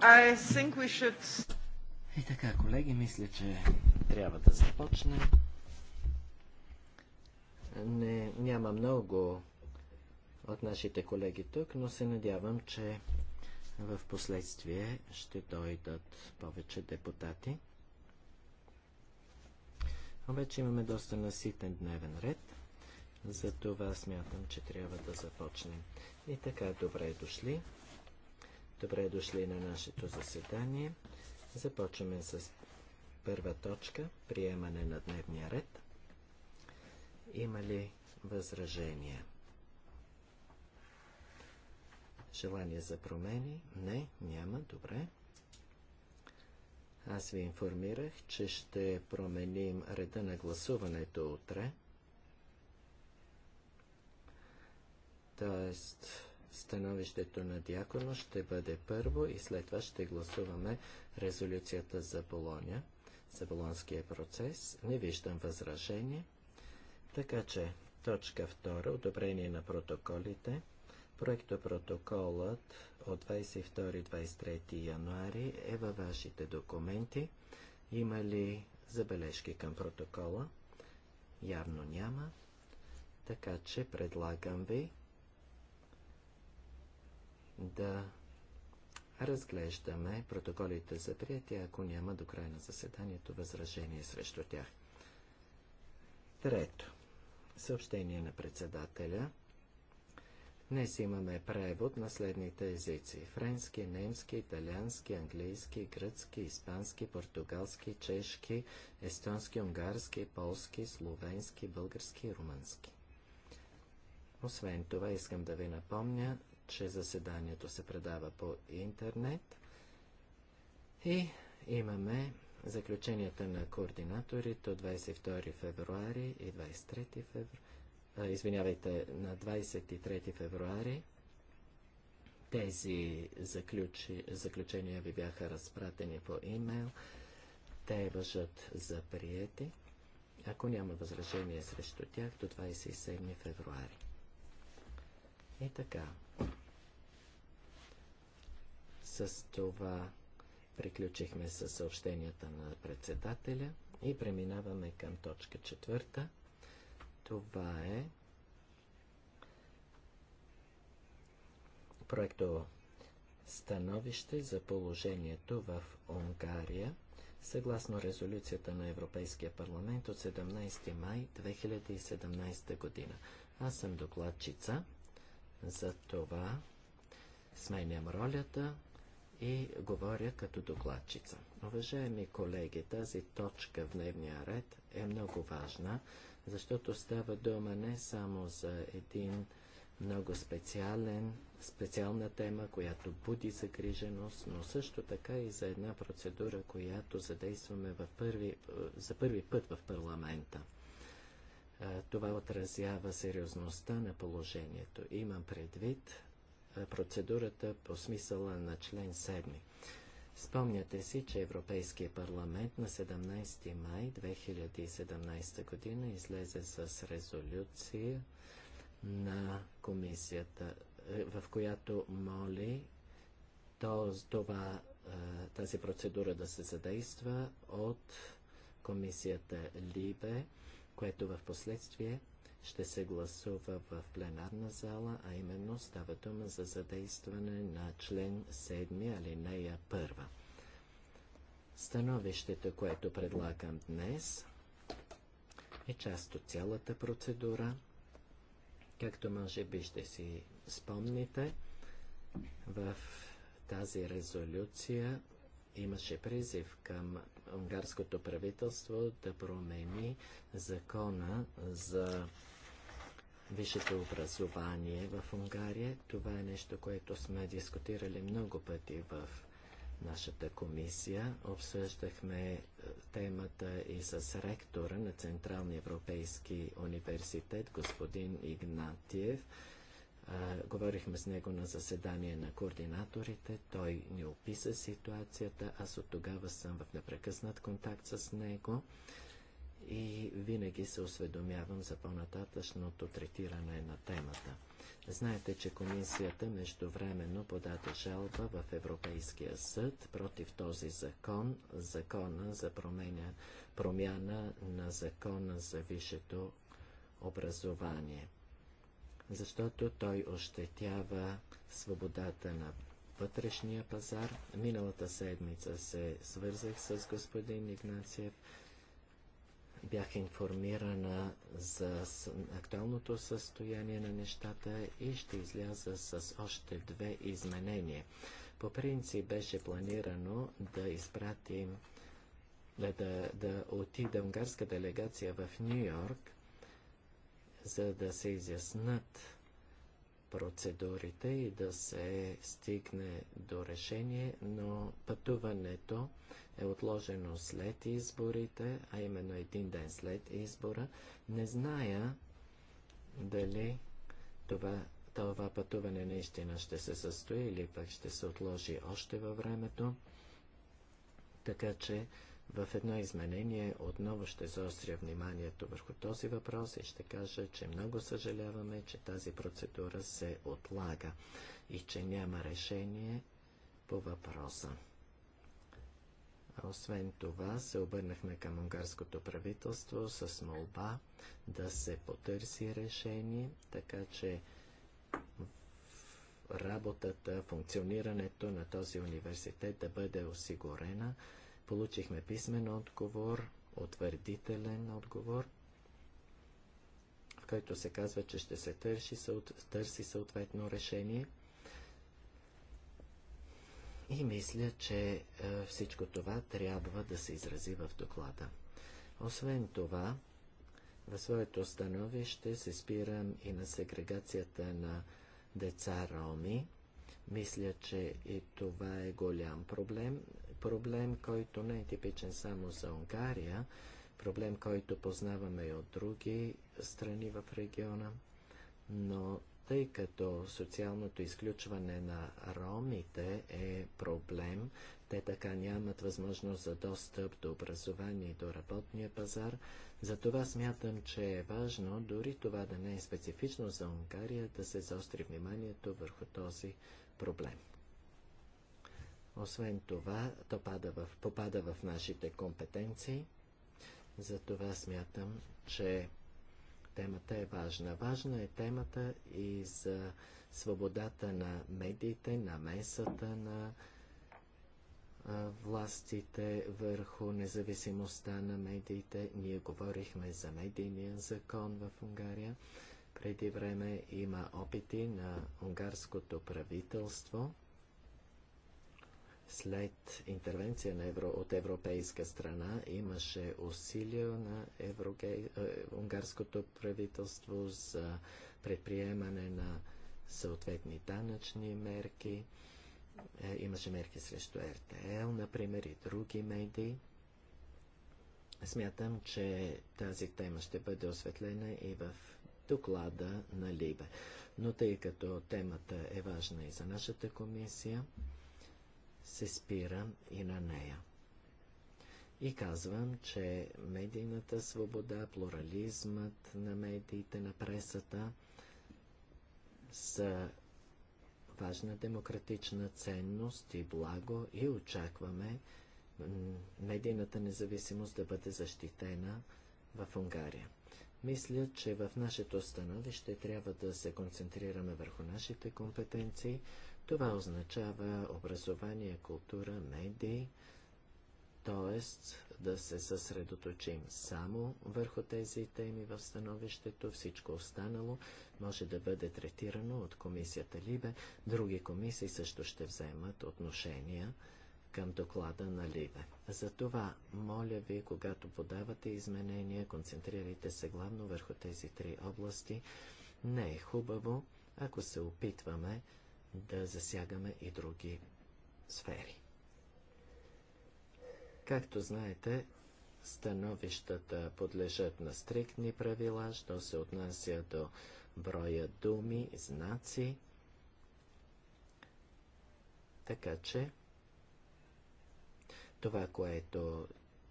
I think we should... И така, колеги, мисля, че трябва да започнем. Не, няма много от нашите колеги тук, но се надявам, че в последствие ще дойдат повече депутати. Обаче имаме доста наситен дневен ред. Затова смятам, че трябва да започнем. И така, добре дошли. Добре дошли на нашето заседание. Започваме с първа точка приемане на дневния ред. Има ли възражения? Желание за промени? Не, няма. Добре. Аз ви информирах, че ще променим реда на гласуването утре. Тоест, Становището на Дяконо ще бъде първо и след това ще гласуваме резолюцията за Болоня, за Болонския процес. Не виждам възражение. Така че, точка втора, одобрение на протоколите. Проектопротоколът от 22-23 януари е във вашите документи. Има ли забележки към протокола? Явно няма. Така че предлагам ви да разглеждаме протоколите за прияти, ако няма до края на заседанието възражение срещу тях. Трето. Съобщение на председателя. Днес имаме превод на следните езици. Френски, немски, италиански, английски, гръцки, испански, португалски, чешки, естонски, унгарски, полски, словенски, български и румънски. Освен това искам да ви напомня, че заседанието се предава по интернет и имаме заключенията на координаторите от 22 февруари и 23 февруари. Извинявайте, на 23 февруари тези заключ... заключения ви бяха разпратени по имейл. Те въжат за приети, ако няма възражение срещу тях до 27 февруари. И е така. С това приключихме със съобщенията на председателя и преминаваме към точка четвърта. Това е проекто становище за положението в Унгария съгласно резолюцията на Европейския парламент от 17 май 2017 година. Аз съм докладчица. За това сменям ролята и говоря като докладчица. Уважаеми колеги, тази точка в дневния ред е много важна, защото става дума не само за един много специален, специална тема, която буди загриженост, но също така и за една процедура, която задействаме в първи, за първи път в парламента – това отразява сериозността на положението. Имам предвид процедурата по смисъла на член 7. Спомняте си, че Европейския парламент на 17 май 2017 година излезе с резолюция на комисията, е, в която моли това, тази процедура да се задейства от комисията Либе което в последствие ще се гласува в пленарна зала, а именно става дума за задействане на член 7, алинея 1. Становището, което предлагам днес, е част от цялата процедура. Както може би ще си спомните, в тази резолюция имаше призив към унгарското правителство да промени закона за висшето образование в Унгария. Това е нещо, което сме дискутирали много пъти в нашата комисия. Обсъждахме е, темата и с ректора на Централния европейски университет, господин Игнатиев. Говорихме с него на заседание на координаторите, той ни описа ситуацията, аз от тогава съм в непрекъснат контакт с него и винаги се осведомявам за по-нататъчното третиране на темата. Знаете, че комисията междувременно подаде жалба в Европейския съд против този закон, закона за променя, промяна на закона за висшето образование защото той ощетява свободата на вътрешния пазар. Миналата седмица се свързах с господин Игнациев. Бях информирана за актуалното състояние на нещата и ще изляза с още две изменения. По принцип беше планирано да изпратим да, да отида унгарска делегация в Нью Йорк за да се изяснат процедурите и да се стигне до решение, но пътуването е отложено след изборите, а именно един ден след избора. Не зная дали това, това пътуване наистина ще се състои или пък ще се отложи още във времето. Така че в едно изменение отново ще заостря вниманието върху този въпрос и ще кажа, че много съжаляваме, че тази процедура се отлага и че няма решение по въпроса. Освен това, се обърнахме към унгарското правителство с молба да се потърси решение, така че работата, функционирането на този университет да бъде осигурена Получихме писмен отговор, утвърдителен отговор, в който се казва, че ще се търси, търси съответно решение. И мисля, че е, всичко това трябва да се изрази в доклада. Освен това, в своето становище се спирам и на сегрегацията на деца роми. Мисля, че и това е голям проблем проблем, който не е типичен само за Унгария, проблем, който познаваме и от други страни в региона, но тъй като социалното изключване на ромите е проблем, те така нямат възможност за достъп до образование и до работния пазар, затова смятам, че е важно, дори това да не е специфично за Унгария, да се заостри вниманието върху този проблем. Освен това, то пада в, попада в нашите компетенции. Затова смятам, че темата е важна. Важна е темата и за свободата на медиите, на месата на властите върху независимостта на медиите. Ние говорихме за медийния закон в Унгария. Преди време има опити на унгарското правителство след интервенция на Евро, от европейска страна имаше усилия на евроге, е, унгарското правителство за предприемане на съответни данъчни мерки. Е, имаше мерки срещу РТЛ, например, и други медии. Смятам, че тази тема ще бъде осветлена и в доклада на Либе. Но тъй като темата е важна и за нашата комисия, се спирам и на нея. И казвам, че медийната свобода, плурализмът на медиите, на пресата са важна демократична ценност и благо и очакваме медийната независимост да бъде защитена в Унгария. Мисля, че в нашето становище трябва да се концентрираме върху нашите компетенции – това означава образование, култура, медии, т.е. да се съсредоточим само върху тези теми в становището. Всичко останало може да бъде третирано от комисията Либе. Други комисии също ще вземат отношения към доклада на Либе. Затова, моля ви, когато подавате изменения, концентрирайте се главно върху тези три области. Не е хубаво, ако се опитваме да засягаме и други сфери. Както знаете, становищата подлежат на стриктни правила, що се отнася до броя думи, знаци, така че това, което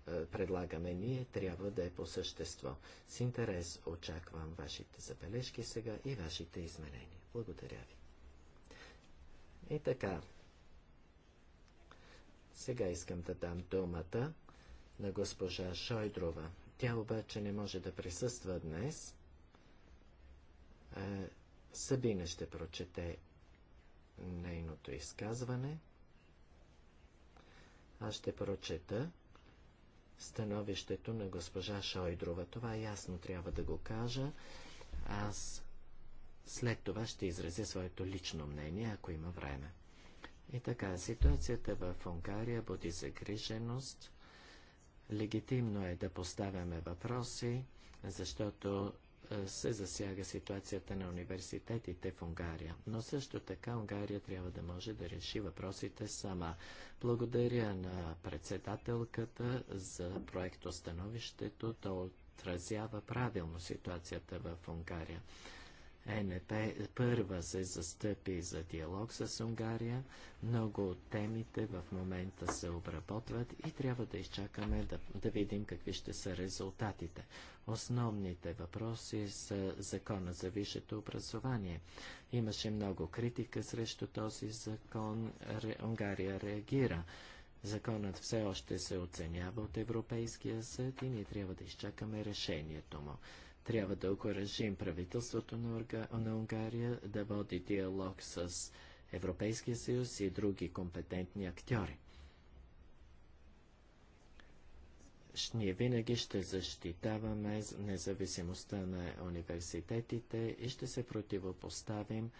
е, предлагаме ние, трябва да е по същество. С интерес очаквам вашите забележки сега и вашите изменения. Благодаря ви. И така. Сега искам да дам думата на госпожа Шойдрова. Тя обаче не може да присъства днес. Е, Сабина ще прочете нейното изказване. Аз ще прочета становището на госпожа Шойдрова. Това ясно трябва да го кажа. Аз след това ще изразя своето лично мнение, ако има време. И така, ситуацията в Унгария буди загриженост. Легитимно е да поставяме въпроси, защото е, се засяга ситуацията на университетите в Унгария. Но също така Унгария трябва да може да реши въпросите сама. Благодаря на председателката за становището. То отразява правилно ситуацията в Унгария. ЕНП първа се застъпи за диалог с Унгария. Много от темите в момента се обработват и трябва да изчакаме да, да видим какви ще са резултатите. Основните въпроси са закона за висшето образование. Имаше много критика срещу този закон. Ре, Унгария реагира. Законът все още се оценява от Европейския съд и ние трябва да изчакаме решението му. Трябва да окоръжим правителството на, Урга... на Унгария да води диалог с Европейския съюз и други компетентни актьори. ние винаги ще защитаваме независимостта на университетите и ще се противопоставим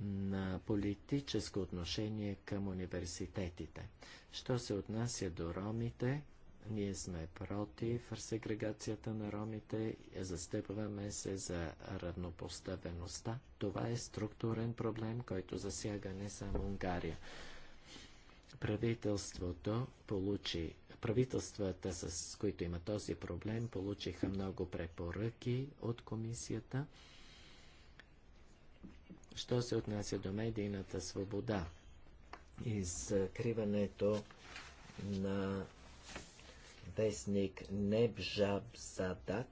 на политическо отношение към университетите. Що се отнася до ромите, ние сме против сегрегацията на ромите, застъпваме се за равнопоставеността. Това е структурен проблем, който засяга не само Унгария. Правителството получи правителствата, с които има този проблем, получиха много препоръки от комисията. Що се отнася до медийната свобода? Изкриването на вестник Небжаб Задак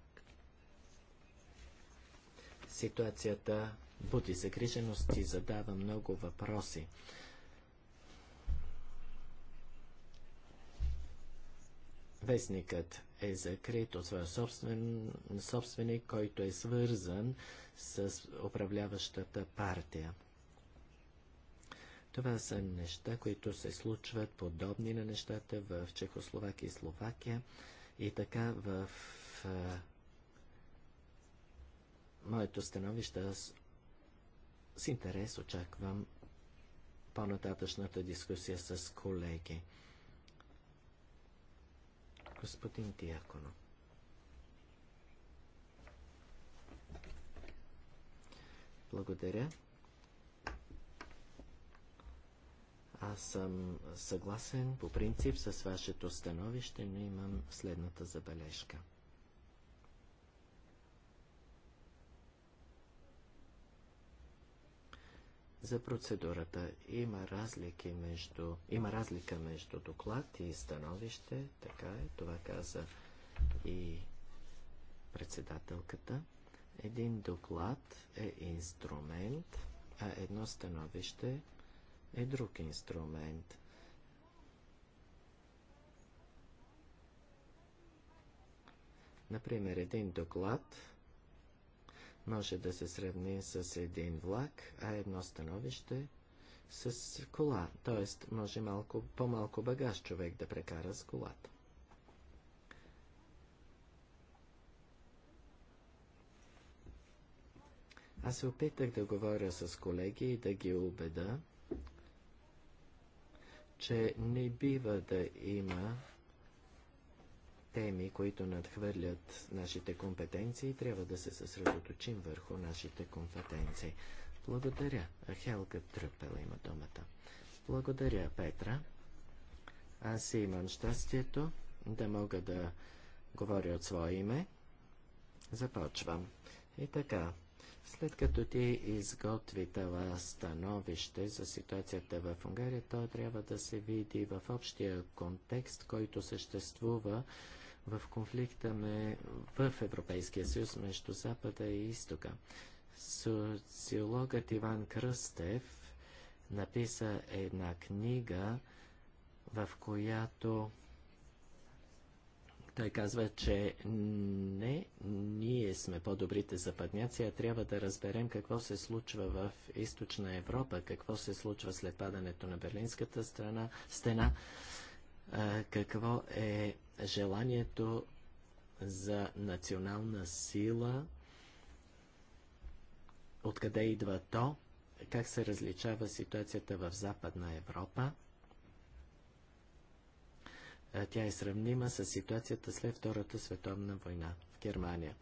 ситуацията буди загриженост и задава много въпроси. Вестникът е закрит от своя собствен, собственик, който е свързан с управляващата партия. Това са неща, които се случват подобни на нещата в Чехословакия и Словакия и така в а, моето становище аз с интерес очаквам по-нататъчната дискусия с колеги. Господин Диаконов. Благодаря. Аз съм съгласен по принцип с вашето становище, но имам следната забележка. За процедурата има, разлики между, има разлика между доклад и становище, така е, това каза и председателката. Един доклад е инструмент, а едно становище е друг инструмент. Например, един доклад може да се сравни с един влак, а едно становище с кола, т.е. може малко, по-малко багаж човек да прекара с колата. Аз се опитах да говоря с колеги и да ги убеда, че не бива да има теми, които надхвърлят нашите компетенции, трябва да се съсредоточим върху нашите компетенции. Благодаря. Хелга Тръпела има думата. Благодаря, Петра. Аз имам щастието да мога да говоря от свое име. Започвам. И така, след като ти изготви това становище за ситуацията в Унгария, то трябва да се види в общия контекст, който съществува в конфликта ме, в Европейския съюз между Запада и Изтока. Социологът Иван Кръстев написа една книга, в която той казва, че не сме по-добрите западняци, а трябва да разберем какво се случва в източна Европа, какво се случва след падането на Берлинската страна, стена, какво е желанието за национална сила, откъде идва то, как се различава ситуацията в Западна Европа. Тя е сравнима с ситуацията след Втората световна война в Германия.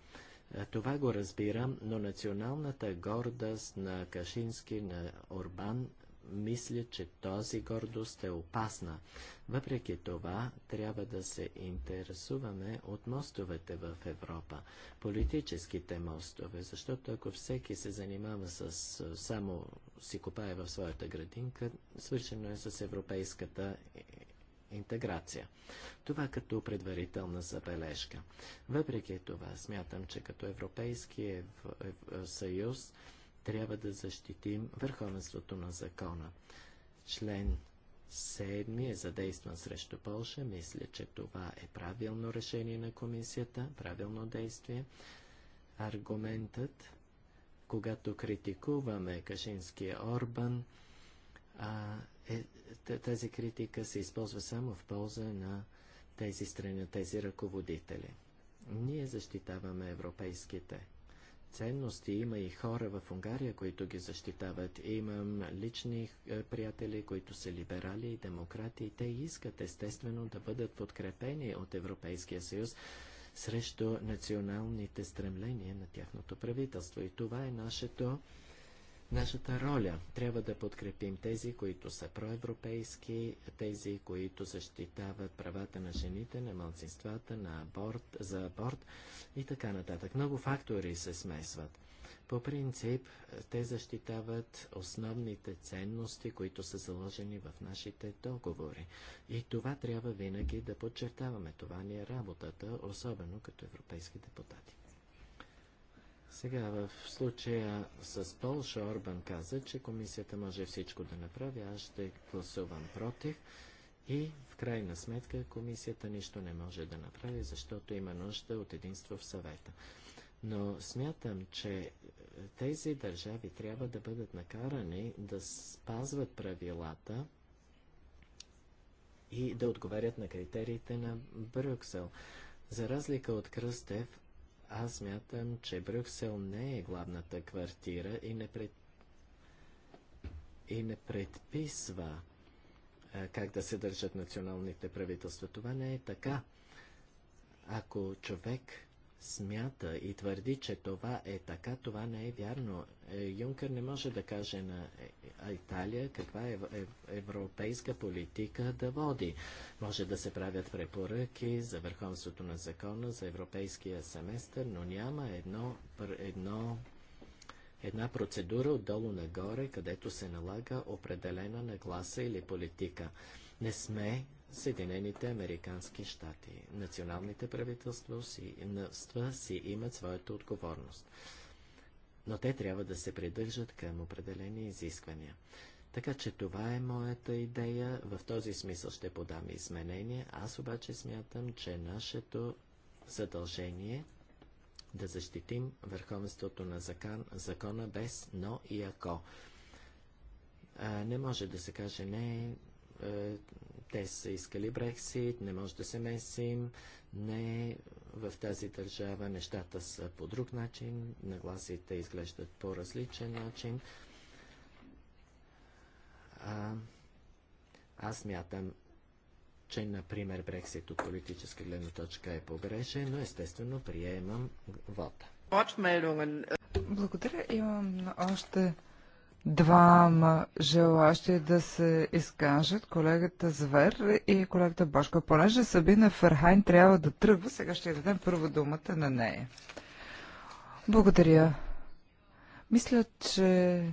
Е, това го разбирам, но националната гордост на Кашински, на Орбан, мисля, че този гордост е опасна. Въпреки това, трябва да се интересуваме от мостовете в Европа, политическите мостове, защото ако всеки се занимава с само си копае в своята градинка, свършено е с европейската интеграция. Това като предварителна забележка. Въпреки това, смятам, че като Европейски е е е, съюз трябва да защитим върховенството на закона. Член 7 е задействан срещу Полша. Мисля, че това е правилно решение на комисията, правилно действие. Аргументът, когато критикуваме Кашинския Орбан, а е, тази критика се използва само в полза на тези страни, на тези ръководители. Ние защитаваме европейските ценности. Има и хора в Унгария, които ги защитават. Имам лични е, приятели, които са либерали и демократи. И те искат естествено да бъдат подкрепени от Европейския съюз срещу националните стремления на тяхното правителство. И това е нашето Нашата роля трябва да подкрепим тези, които са проевропейски, тези, които защитават правата на жените, на малцинствата, на аборт, за аборт и така нататък. Много фактори се смесват. По принцип, те защитават основните ценности, които са заложени в нашите договори. И това трябва винаги да подчертаваме. Това ни е работата, особено като европейски депутати. Сега в случая с Полша Орбан каза, че комисията може всичко да направи, аз ще гласувам против и в крайна сметка комисията нищо не може да направи, защото има нужда от единство в съвета. Но смятам, че е, тези държави трябва да бъдат накарани да спазват правилата и да отговарят на критериите на Брюксел. За разлика от Кръстев, аз мятам, че Брюксел не е главната квартира и не, пред... и не предписва а, как да се държат националните правителства. Това не е така. Ако човек смята и твърди, че това е така, това не е вярно. Е, Юнкър не може да каже на е, Италия каква е, е европейска политика да води. Може да се правят препоръки за върховството на закона, за европейския семестър, но няма едно, едно, една процедура отдолу нагоре, където се налага определена нагласа или политика. Не сме Съединените Американски щати. Националните правителства си, си имат своята отговорност но те трябва да се придържат към определени изисквания. Така че това е моята идея, в този смисъл ще подам изменения, аз обаче смятам, че нашето задължение е да защитим върховенството на закон, закона без но и ако. А, не може да се каже не, те са искали Брексит, не може да се месим, не в тази държава нещата са по друг начин, нагласите изглеждат по различен начин. А, аз мятам, че, например, Брексит от политическа гледна точка е погрешен, но естествено приемам вода. Благодаря. Имам още двама желащи да се изкажат, колегата Звер и колегата Бошко, Понеже Сабина Ферхайн трябва да тръгва, сега ще дадем първо думата на нея. Благодаря. Мисля, че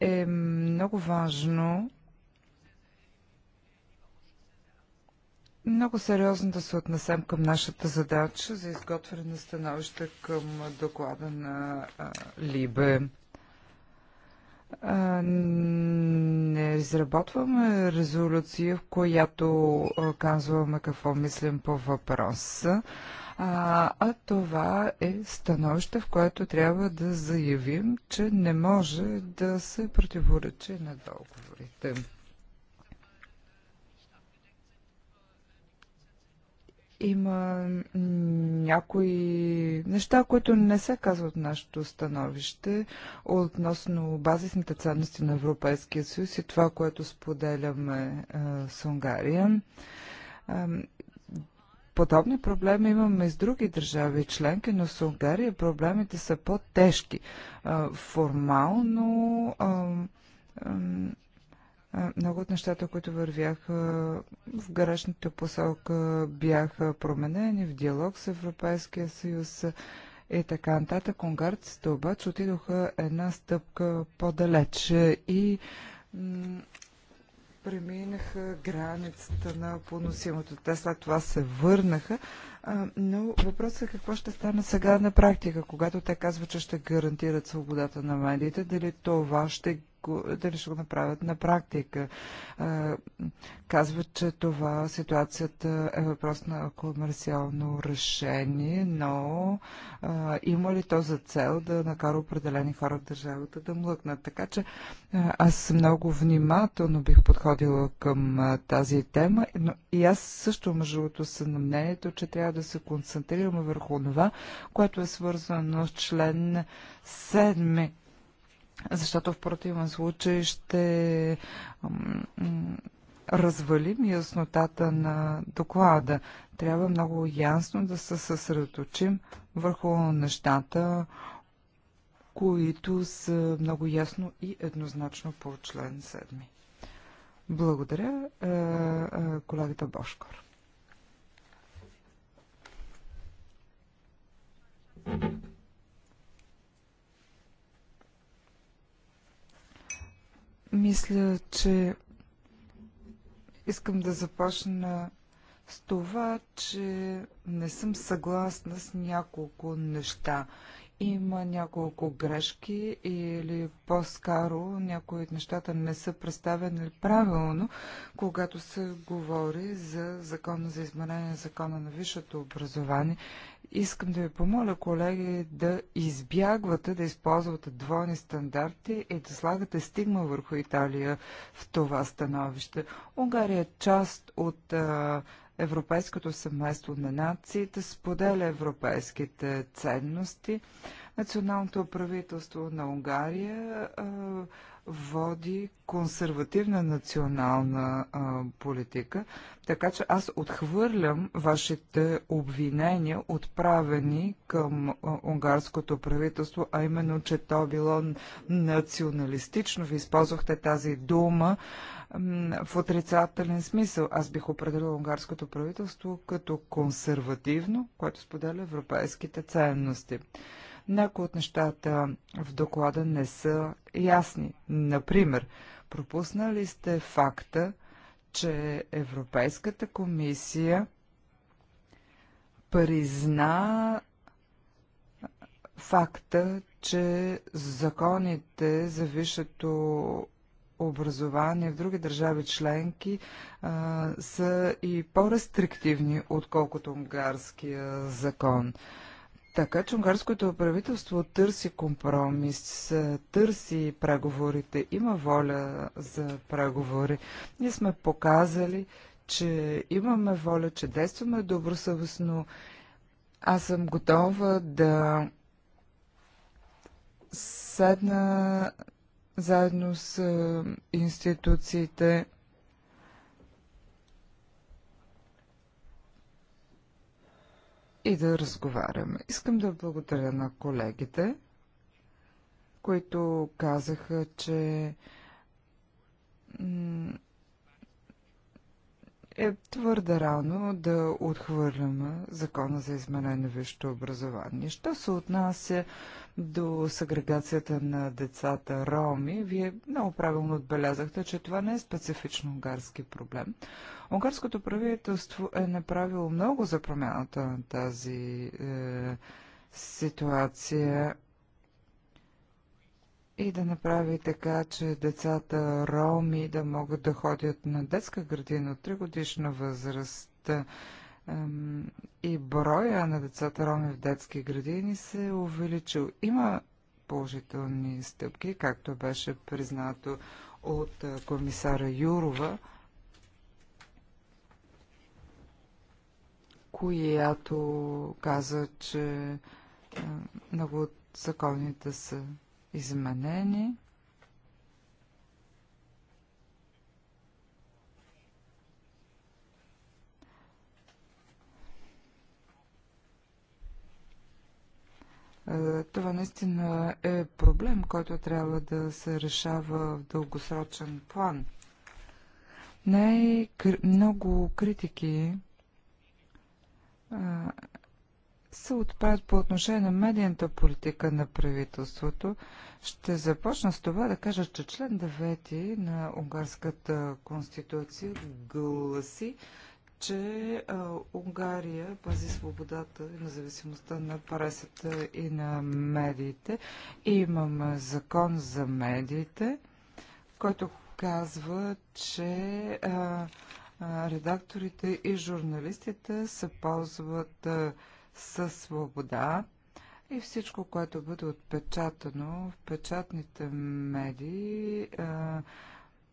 е много важно много сериозно да се отнесем към нашата задача за изготвяне на становище към доклада на а, Либе не изработваме резолюция, в която казваме какво мислим по въпроса, а, а това е становище, в което трябва да заявим, че не може да се противоречи на договорите. Има някои неща, които не се казват в нашето становище относно базисните ценности на Европейския съюз и това, което споделяме е, с Унгария. Е, подобни проблеми имаме и с други държави членки, но с Унгария проблемите са по-тежки. Е, формално много от нещата, които вървяха в гаражната посока, бяха променени в диалог с Европейския съюз и така нататък. Унгарците обаче отидоха една стъпка по далеч и преминаха границата на поносимото. Те след това се върнаха, но въпросът е какво ще стане сега на практика, когато те казват, че ще гарантират свободата на медиите, дали това ще го, дали ще го направят на практика. Казват, че това ситуацията е въпрос на комерциално решение, но а, има ли то за цел да накара определени хора в държавата да млъкнат? Така че аз много внимателно бих подходила към тази тема, но и аз също, между другото, съм на мнението, че трябва трябва да се концентрираме върху това, което е свързано с член 7 защото в противен случай ще развалим яснотата на доклада. Трябва много ясно да се съсредоточим върху нещата, които са много ясно и еднозначно по член 7. Благодаря, е, е, колегата Бошкор. Мисля, че искам да започна с това, че не съм съгласна с няколко неща. Има няколко грешки или по-скаро някои от нещата не са представени правилно, когато се говори за закона за изменение на закона на висшето образование. Искам да ви помоля, колеги, да избягвате да използвате двойни стандарти и да слагате стигма върху Италия в това становище. Унгария е част от а, Европейското семейство на нациите споделя европейските ценности. Националното правителство на Унгария а, води консервативна национална а, политика, така че аз отхвърлям вашите обвинения, отправени към а, унгарското правителство, а именно, че то било националистично. Ви използвахте тази дума в отрицателен смисъл. Аз бих определил унгарското правителство като консервативно, което споделя европейските ценности. Някои от нещата в доклада не са ясни. Например, пропуснали сте факта, че Европейската комисия призна факта, че законите за висшето образование в други държави членки а, са и по-рестриктивни, отколкото унгарския закон. Така че унгарското правителство търси компромис, търси преговорите, има воля за преговори. Ние сме показали, че имаме воля, че действаме добросъвестно. Аз съм готова да седна заедно с институциите. и да разговаряме. Искам да благодаря на колегите, които казаха, че е твърде рано да отхвърляме закона за изменение висшето образование. Що се отнася до сегрегацията на децата роми, вие много правилно отбелязахте, че това не е специфично унгарски проблем. Унгарското правителство е направило много за промяната на тази е, ситуация и да направи така, че децата роми да могат да ходят на детска градина от 3 годишна възраст и броя на децата роми в детски градини се е увеличил. Има положителни стъпки, както беше признато от комисара Юрова, която каза, че много от законите са изменени. Е, това наистина е проблем, който трябва да се решава в дългосрочен план. Най-много критики се отправят по отношение на медийната политика на правителството. Ще започна с това да кажа, че член 9 на Унгарската конституция гласи, че а, Унгария пази свободата и независимостта на пресата и на медиите. И имаме закон за медиите, който казва, че а, а, редакторите и журналистите се ползват а, със свобода и всичко, което бъде отпечатано в печатните медии,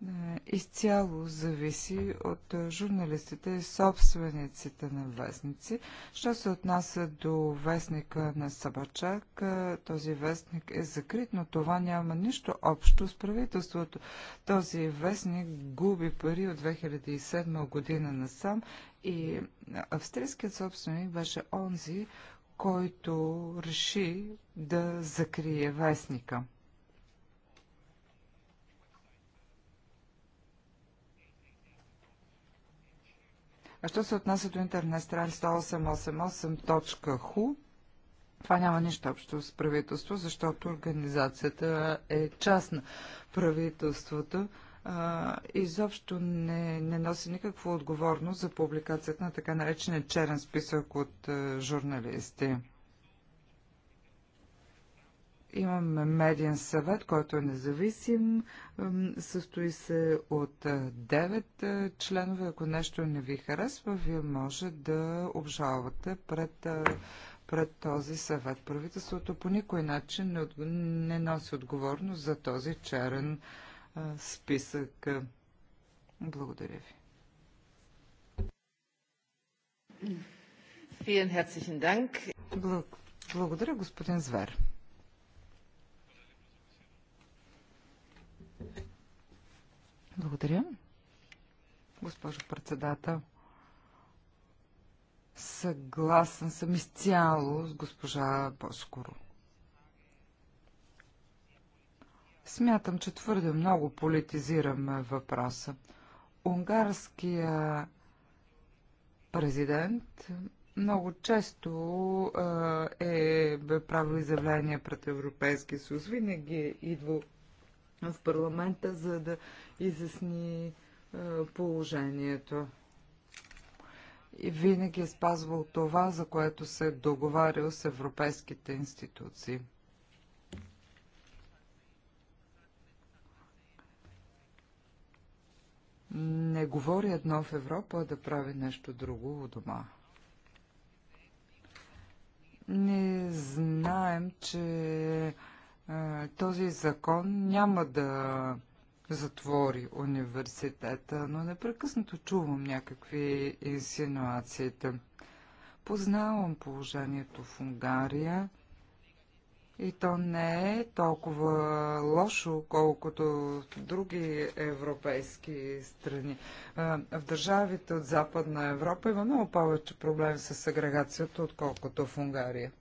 е, изцяло зависи от е, журналистите и собствениците на вестници. Що се отнася до вестника на Сабачак, е, този вестник е закрит, но това няма нищо общо с правителството. Този вестник губи пари от 2007 година насам и австрийският собственик беше онзи, който реши да закрие вестника. А що се отнася до интернет страница 1888.hu, това няма нищо общо с правителство, защото организацията е частна. Правителството а, изобщо не, не носи никаква отговорност за публикацията на така наречения черен списък от а, журналисти. Имаме медиен съвет, който е независим, състои се от 9 членове. Ако нещо не ви харесва, вие може да обжалвате пред, пред този съвет. Правителството по никой начин не, не носи отговорност за този черен списък. Благодаря ви. Благодаря, господин Звер. Благодаря. Госпожо председател, съгласен съм изцяло с госпожа Боскоро. Смятам, че твърде много политизираме въпроса. Унгарския президент много често е правил изявления пред Европейския съюз. Винаги е идвал в парламента, за да изясни положението. И винаги е спазвал това, за което се е договарял с европейските институции. Не говори едно в Европа, да прави нещо друго у дома. Не знаем, че този закон няма да затвори университета, но непрекъснато чувам някакви инсинуациите. Познавам положението в Унгария и то не е толкова лошо, колкото в други европейски страни. В държавите от Западна Европа има много повече проблеми с сегрегацията, отколкото в Унгария.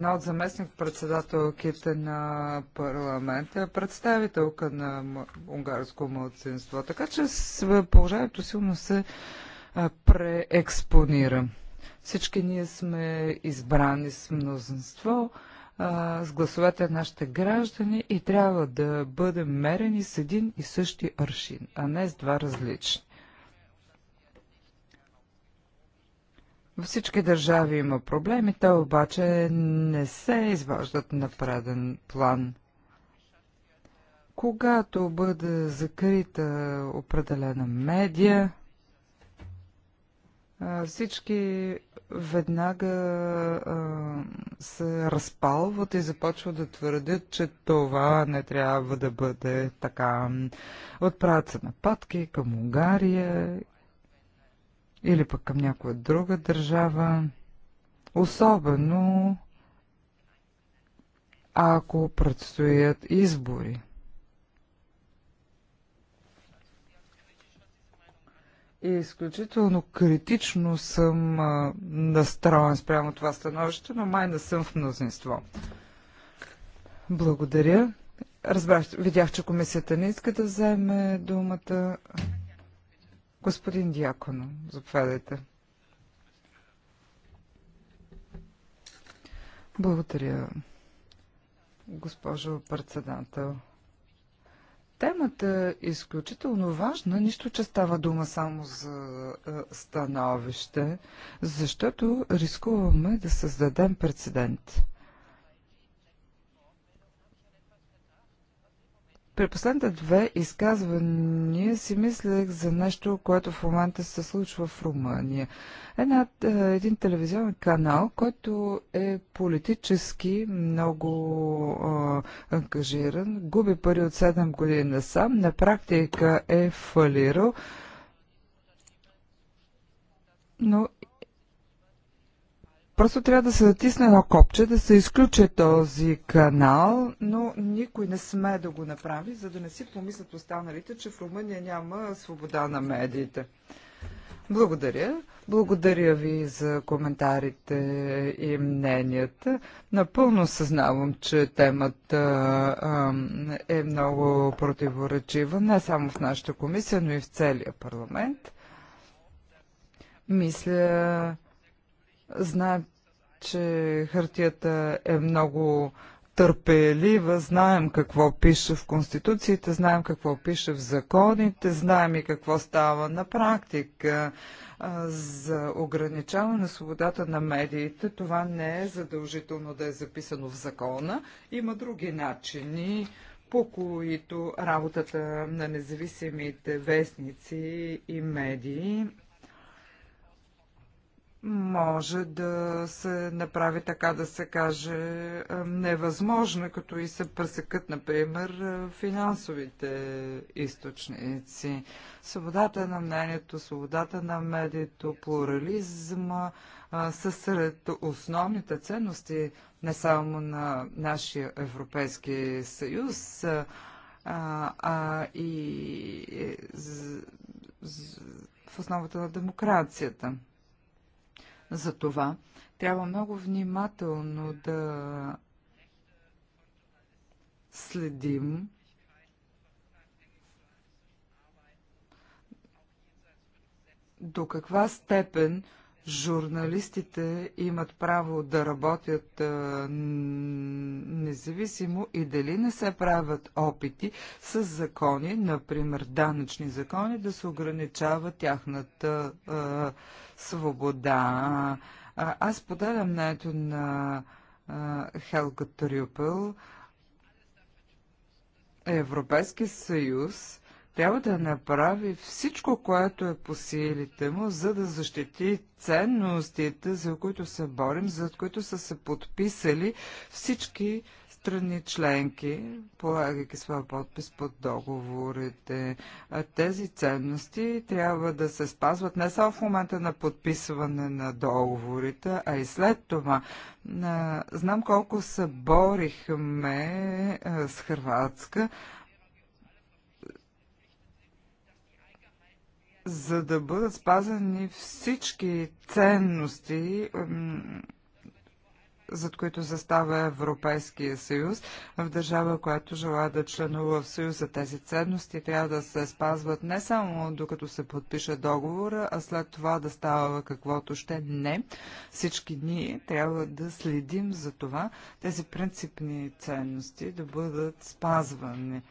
Една от заместник-председателките на парламента е представителка на унгарско младсинство, така че положението силно се преекспонира. Всички ние сме избрани с мнозинство, с гласовете на нашите граждани и трябва да бъдем мерени с един и същи аршин, а не с два различни. Във всички държави има проблеми, те обаче не се изваждат на преден план. Когато бъде закрита определена медия, всички веднага а, се разпалват и започват да твърдят, че това не трябва да бъде така. Отправят се нападки към Унгария или пък към някоя друга държава, особено ако предстоят избори. И изключително критично съм настроен спрямо това становище, но май не съм в мнозинство. Благодаря. Разбрах, видях, че комисията не иска да вземе думата. Господин Дяконо, заповядайте. Благодаря, госпожо председател. Темата е изключително важна, нищо, че става дума само за е, становище, защото рискуваме да създадем прецедент. При последните две изказвания си мислех за нещо, което в момента се случва в Румъния. Една, е, един телевизионен канал, който е политически много а, е, ангажиран, губи пари от 7 години сам, на практика е фалирал но Просто трябва да се натисне едно копче, да се изключи този канал, но никой не сме да го направи, за да не си помислят останалите, че в Румъния няма свобода на медиите. Благодаря. Благодаря ви за коментарите и мненията. Напълно съзнавам, че темата е много противоречива, не само в нашата комисия, но и в целия парламент. Мисля, Знаем, че хартията е много търпелива, знаем какво пише в конституциите, знаем какво пише в законите, знаем и какво става на практика. За ограничаване на свободата на медиите това не е задължително да е записано в закона. Има други начини, по които работата на независимите вестници и медии може да се направи така да се каже е, невъзможно, като и се пресекат, например, е, финансовите източници. Свободата на мнението, свободата на медието, плурализма е, са сред основните ценности не само на нашия Европейски съюз, а, а и в основата на демокрацията. За това трябва много внимателно да следим до каква степен журналистите имат право да работят а, независимо и дали не се правят опити с закони, например данъчни закони, да се ограничава тяхната а, свобода. А, аз подадам ето на Хелга Трюпел. Европейски съюз трябва да направи всичко, което е по силите му, за да защити ценностите, за които се борим, за които са се подписали всички страни членки, полагайки своя подпис под договорите. Тези ценности трябва да се спазват не само в момента на подписване на договорите, а и след това. Знам колко се борихме с Хрватска, за да бъдат спазени всички ценности, зад които застава Европейския съюз. В държава, която желая да членува в съюза тези ценности, трябва да се спазват не само докато се подпише договора, а след това да става каквото ще не. Всички ние трябва да следим за това тези принципни ценности да бъдат спазвани.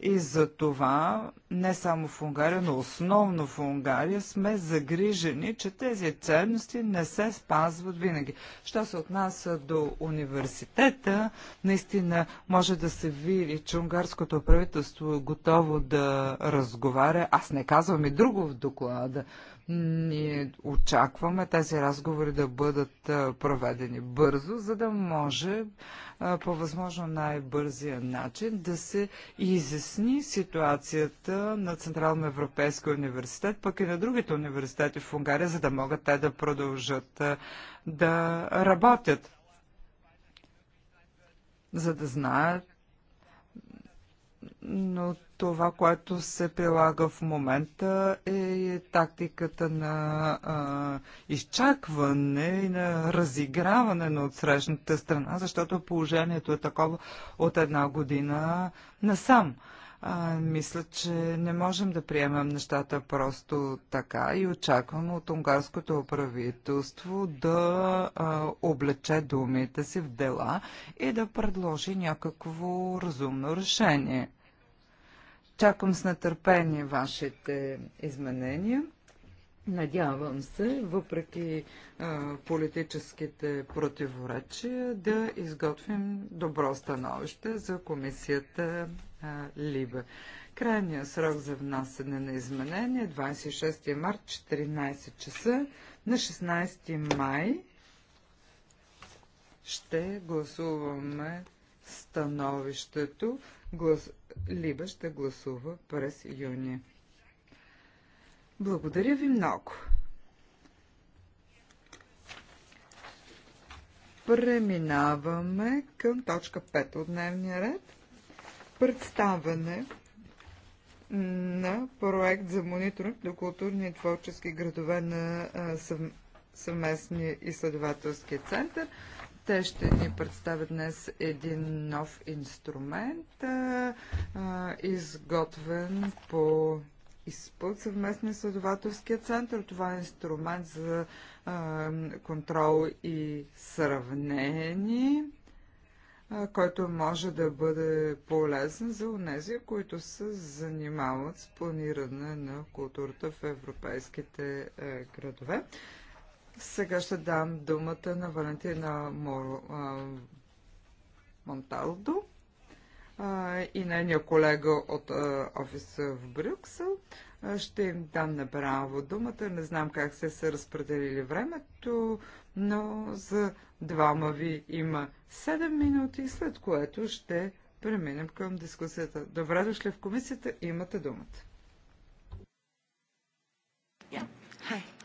И за това, не само в Унгария, но основно в Унгария, сме загрижени, че тези ценности не се спазват винаги. Що се отнася до университета, наистина може да се види, че унгарското правителство е готово да разговаря. Аз не казвам и друго в доклада, ние очакваме тези разговори да бъдат проведени бързо, за да може по възможно най-бързия начин да се изясни ситуацията на Централно Европейския университет, пък и на другите университети в Унгария, за да могат те да продължат да работят. За да знаят, но това, което се прилага в момента е тактиката на а, изчакване и на разиграване на отсрещната страна, защото положението е такова от една година насам. А, мисля, че не можем да приемем нещата просто така и очаквам от унгарското правителство да а, облече думите си в дела и да предложи някакво разумно решение. Чакам с нетърпение вашите изменения. Надявам се, въпреки а, политическите противоречия, да изготвим добро становище за комисията а, Либе. Крайният срок за внасене на изменение 26 март 14 часа на 16 май ще гласуваме становището. Глас... Либа ще гласува през юни. Благодаря ви много. Преминаваме към точка 5 от дневния ред. Представане на проект за мониторинг на културни и творчески градове на съвместния изследователски център – те ще ни представят днес един нов инструмент, изготвен по изпълт съвместно изследователския център. Това е инструмент за контрол и сравнение който може да бъде полезен за унези, които се занимават с планиране на културата в европейските е, градове. Сега ще дам думата на Валентина Мор... Монталдо и нейния колега от офиса в Брюксел. Ще им дам направо думата. Не знам как се са разпределили времето, но за двама ви има 7 минути, след което ще преминем към дискусията. Добре дошли в комисията, имате думата. Yeah. Hi.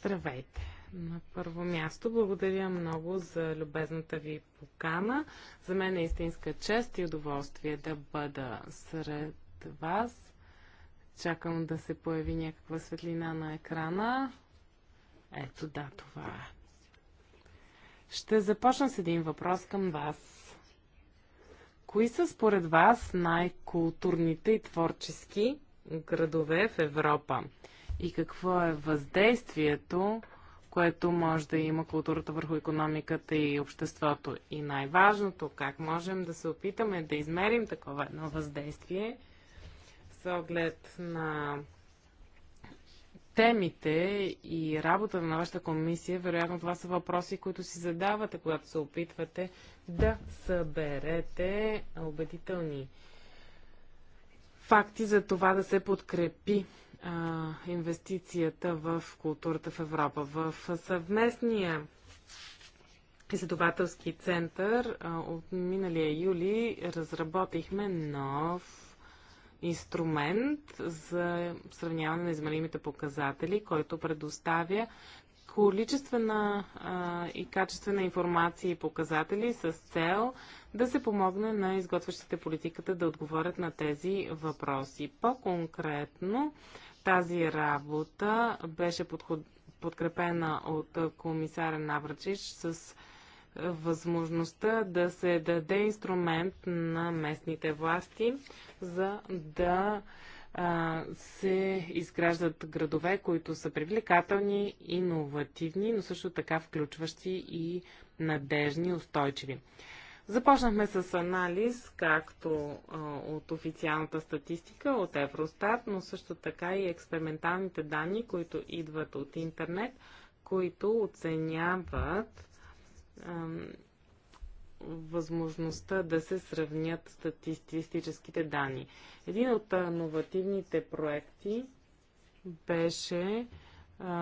Здравейте! На първо място благодаря много за любезната ви покана. За мен е истинска чест и удоволствие да бъда сред вас. Чакам да се появи някаква светлина на екрана. Ето да, това е. Ще започна с един въпрос към вас. Кои са според вас най-културните и творчески градове в Европа? и какво е въздействието, което може да има културата върху економиката и обществото. И най-важното, как можем да се опитаме да измерим такова едно въздействие с оглед на темите и работата на вашата комисия, вероятно това са въпроси, които си задавате, когато се опитвате да съберете убедителни факти за това да се подкрепи а, инвестицията в културата в Европа. В съвместния изследователски център а, от миналия юли разработихме нов инструмент за сравняване на измеримите показатели, който предоставя количествена а, и качествена информация и показатели с цел да се помогне на изготвящите политиката да отговорят на тези въпроси. По-конкретно, тази работа беше подход... подкрепена от комисаря Навръчич с възможността да се даде инструмент на местните власти, за да а, се изграждат градове, които са привлекателни, иновативни, но също така включващи и надежни, устойчиви. Започнахме с анализ, както а, от официалната статистика, от Евростат, но също така и експерименталните данни, които идват от интернет, които оценяват а, възможността да се сравнят статистическите данни. Един от новативните проекти беше а,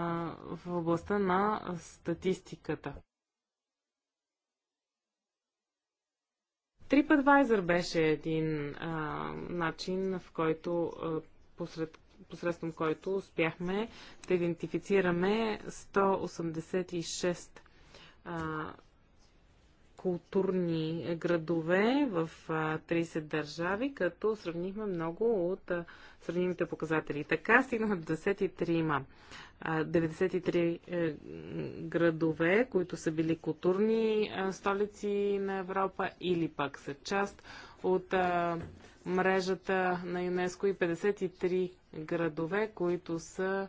в областта на статистиката. TripAdvisor беше един а, начин, в който а, посред, посредством който успяхме да идентифицираме 186 а, културни градове в 30 държави, като сравнихме много от сравнимите показатели. Така стигнахме до 93, 93 е, градове, които са били културни столици на Европа или пък са част от мрежата на ЮНЕСКО и 53 градове, които са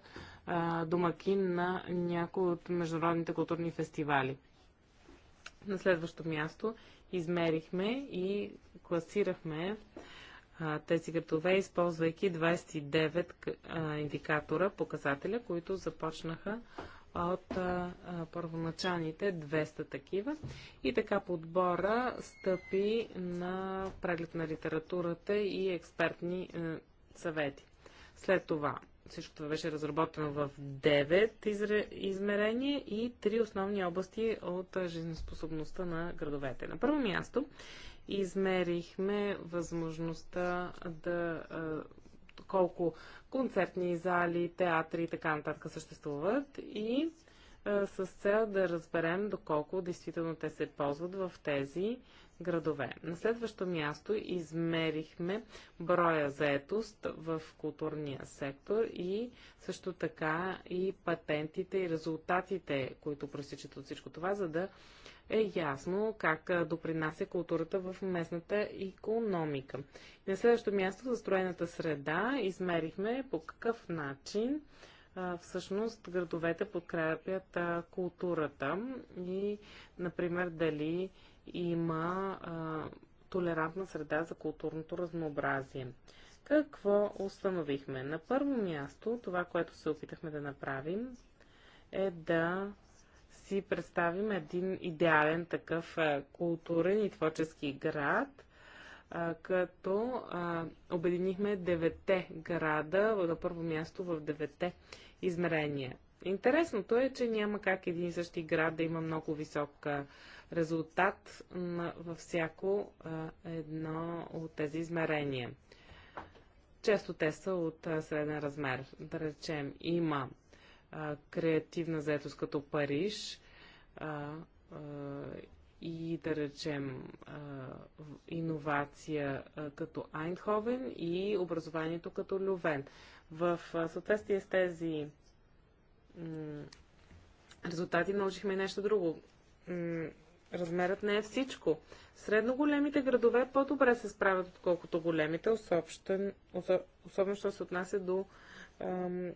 домакин на някои от международните културни фестивали. На следващо място измерихме и класирахме тези градове, използвайки 29 индикатора, показателя, които започнаха от първоначалните 200 такива. И така подбора стъпи на преглед на литературата и експертни е, съвети. След това всичко това беше разработено в 9 измерения и три основни области от жизнеспособността на градовете. На първо място измерихме възможността да колко концертни зали, театри и така нататък съществуват и с цел да разберем доколко действително те се ползват в тези градове. На следващо място измерихме броя заетост в културния сектор и също така и патентите и резултатите, които пресичат от всичко това, за да е ясно как допринася културата в местната економика. на следващо място в застроената среда измерихме по какъв начин всъщност градовете подкрепят културата и, например, дали има а, толерантна среда за културното разнообразие. Какво установихме? На първо място, това, което се опитахме да направим, е да си представим един идеален такъв а, културен и творчески град, а, като а, обединихме девете града, на първо място в девете измерения. Интересното е, че няма как един и същи град да има много висок резултат във всяко едно от тези измерения. Често те са от среден размер. Да речем, има креативна заетост като Париж и да речем иновация като Айнховен и образованието като Лювен. В съответствие с тези резултати, научихме и нещо друго. размерът не е всичко. Средно големите градове по-добре се справят, отколкото големите, особено, що се отнася до ам,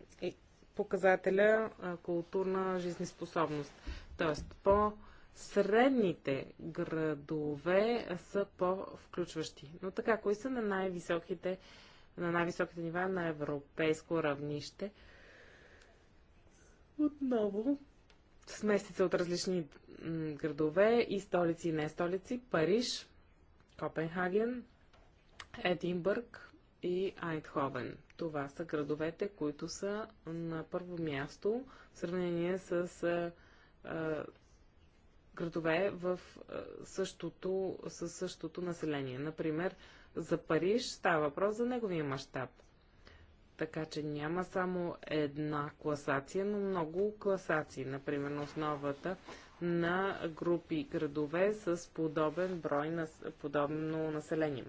показателя културна жизнеспособност. Тоест, по- средните градове са по-включващи. Но така, кои са на най-високите, на най-високите нива на европейско равнище? Отново смесица от различни градове и столици и не столици. Париж, Копенхаген, Единбърг и Айтховен. Това са градовете, които са на първо място в сравнение с а, а, градове в а, същото, със същото население. Например, за Париж става въпрос за неговия мащаб – така че няма само една класация, но много класации. Например, основата на групи градове с подобен брой на подобно население.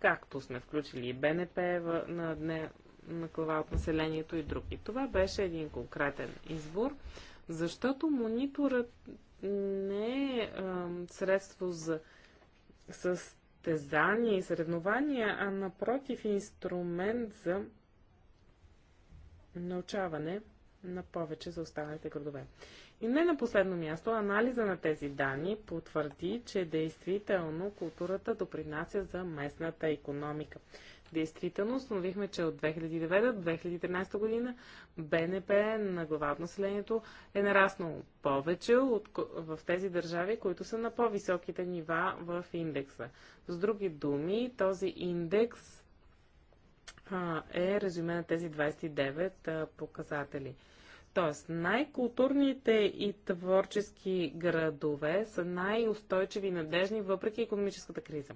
Както сме включили и БНП на, дне, на глава от населението и други. Това беше един конкретен избор, защото мониторът не е средство за състезание и съревнования, а напротив инструмент за научаване на повече за останалите градове. И не на последно място, анализа на тези данни потвърди, че действително културата допринася за местната економика. Действително установихме, че от 2009 до 2013 година БНП на глава от населението е нараснало повече от, в тези държави, които са на по-високите нива в индекса. С други думи, този индекс е резюме на тези 29 показатели. Тоест, най-културните и творчески градове са най-устойчиви и надежни въпреки економическата криза.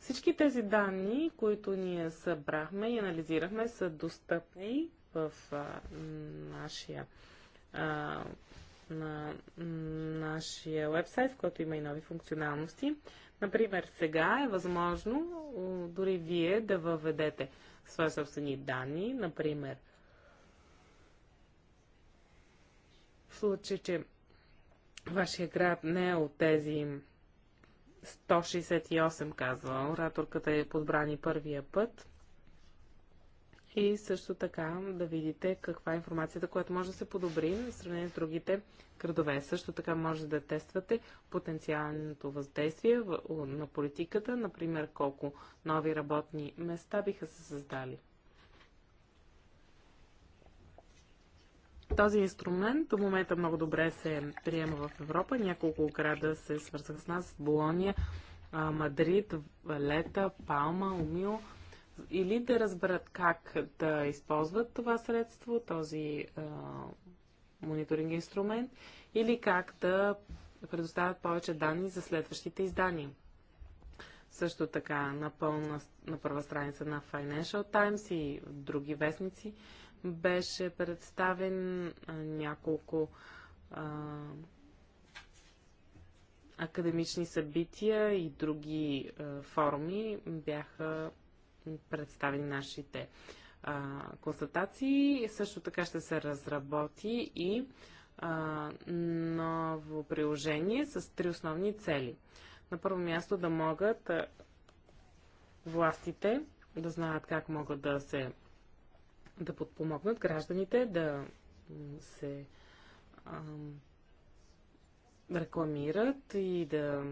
Всички тези данни, които ние събрахме и анализирахме, са достъпни в а, нашия а, на нашия вебсайт, в който има и нови функционалности. Например, сега е възможно дори вие да въведете свои собствени данни, например, в случай, че вашия град не е от тези 168, казва ораторката е подбрани първия път, и също така да видите каква е информацията, която може да се подобри в сравнение с другите градове. Също така може да тествате потенциалното въздействие на политиката, например колко нови работни места биха се създали. Този инструмент до момента много добре се приема в Европа. Няколко града се свързах с нас. Болония, Мадрид, Валета, Палма, Умило или да разберат как да използват това средство, този а, мониторинг инструмент, или как да предоставят повече данни за следващите издания. Също така на, пълна, на първа страница на Financial Times и други вестници беше представен а, няколко а, академични събития и други а, форуми бяха представени нашите а, констатации. Също така ще се разработи и а, ново приложение с три основни цели. На първо място да могат властите да знаят как могат да се да подпомогнат гражданите да се а, рекламират и да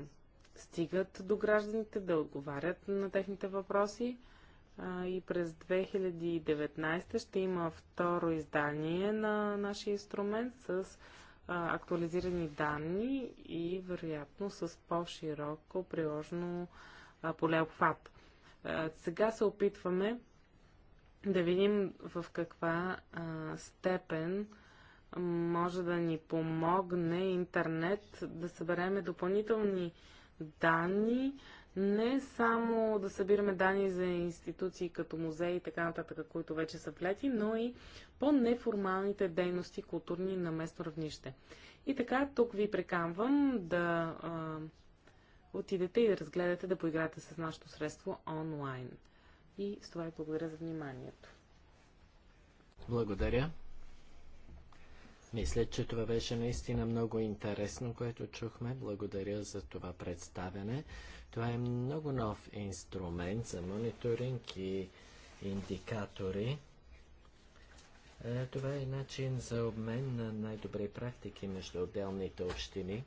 стигат до гражданите, да отговарят на техните въпроси и през 2019 ще има второ издание на нашия инструмент с актуализирани данни и вероятно с по-широко приложено поле обхват. Сега се опитваме да видим в каква степен може да ни помогне интернет да събереме допълнителни данни, не само да събираме данни за институции като музеи и така нататък, които вече са влети, но и по неформалните дейности културни на местно равнище. И така, тук ви прекамвам да а, отидете и да разгледате, да поиграте с нашето средство онлайн. И с това ви благодаря за вниманието. Благодаря. Мисля, че това беше наистина много интересно, което чухме. Благодаря за това представяне. Това е много нов инструмент за мониторинг и индикатори. Е, това е начин за обмен на най-добри практики между отделните общини.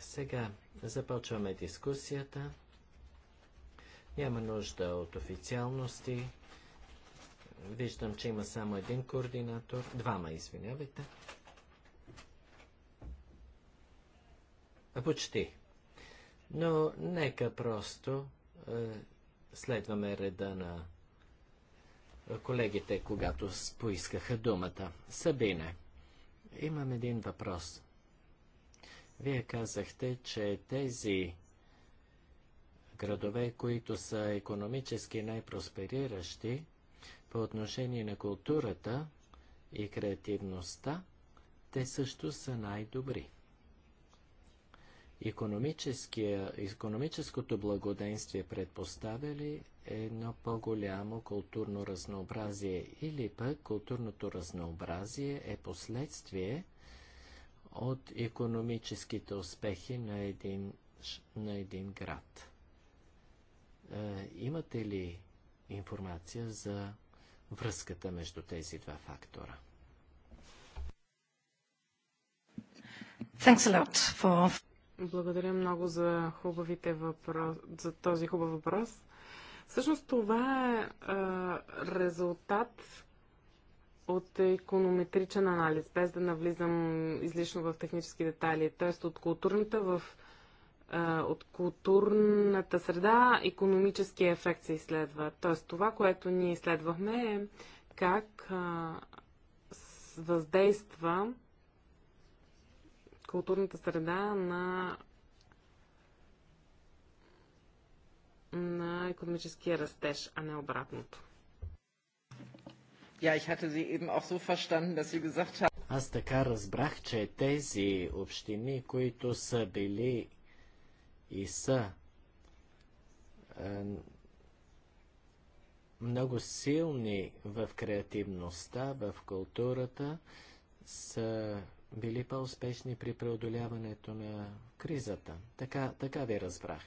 Сега започваме дискусията. Няма нужда от официалности. Виждам, че има само един координатор. Двама, извинявайте. почти. Но нека просто е, следваме реда на колегите, когато поискаха думата. Сабине, имам един въпрос. Вие казахте, че тези градове, които са економически най-проспериращи по отношение на културата и креативността, те също са най-добри економическото благоденствие предпоставя ли едно по-голямо културно разнообразие или пък културното разнообразие е последствие от економическите успехи на един, на един град. Е, имате ли информация за връзката между тези два фактора? Thanks a lot for... Благодаря много за хубавите въпрос, за този хубав въпрос. Всъщност това е а, резултат от економетричен анализ, без да навлизам излишно в технически детайли. Тоест от културната в а, от културната среда економически ефект се изследва. Тоест това, което ние изследвахме е как а, въздейства културната среда на на економическия растеж, а не обратното. Ja, ich hatte Sie eben auch so verstanden, dass Sie gesagt Аз така разбрах, че тези общини, които са били и са е, много силни в креативността, в културата, са били по-успешни при преодоляването на кризата. Така, така ви разбрах.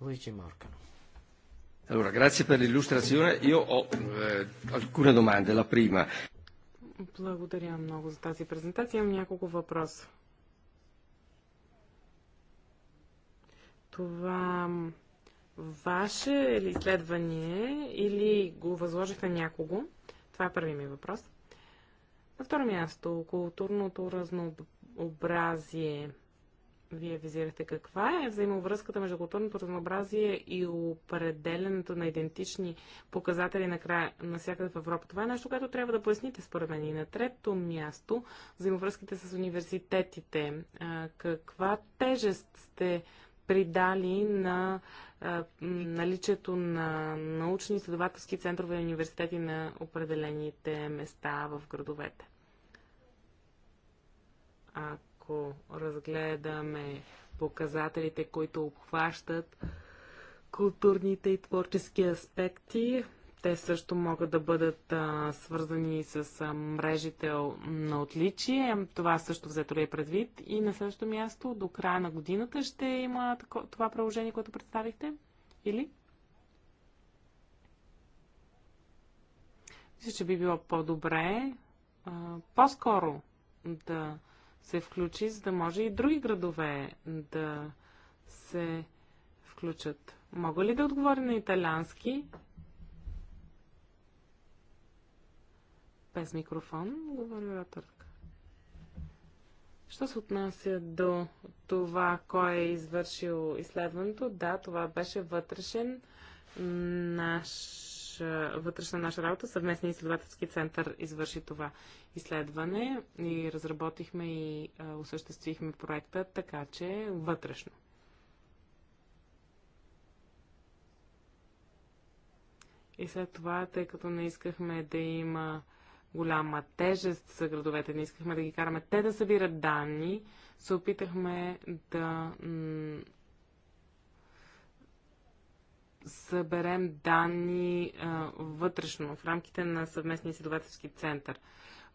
Луичи Моркано. Allora, grazie per l'illustrazione. Io ho eh, alcune domande. La prima. Благодаря много за тази презентация. Имам няколко въпроса. Това ваше ли изследване е или го възложихте някого? Това е първи ми въпрос. На второ място, културното разнообразие. Вие визирате каква е взаимовръзката между културното разнообразие и определенето на идентични показатели на края, всякъде в Европа. Това е нещо, което трябва да поясните според мен. И на трето място, взаимовръзките с университетите. Каква тежест сте придали на наличието на научни изследователски центрове и университети на определените места в градовете. Ако разгледаме показателите, които обхващат културните и творчески аспекти, те също могат да бъдат а, свързани с а, мрежите на отличие. Това също взето ли е предвид. И на същото място до края на годината ще има тако, това приложение, което представихте? Или? Мисля, че би било по-добре по-скоро да се включи, за да може и други градове да се включат. Мога ли да отговоря на италянски? Без микрофон, говори ораторка. Що се отнася до това, кой е извършил изследването? Да, това беше вътрешен наш вътрешна наша работа. Съвместния изследователски център извърши това изследване и разработихме и осъществихме проекта, така че вътрешно. И след това, тъй като не искахме да има голяма тежест за градовете, не искахме да ги караме те да събират данни, се опитахме да съберем данни а, вътрешно в рамките на съвместния изследователски център.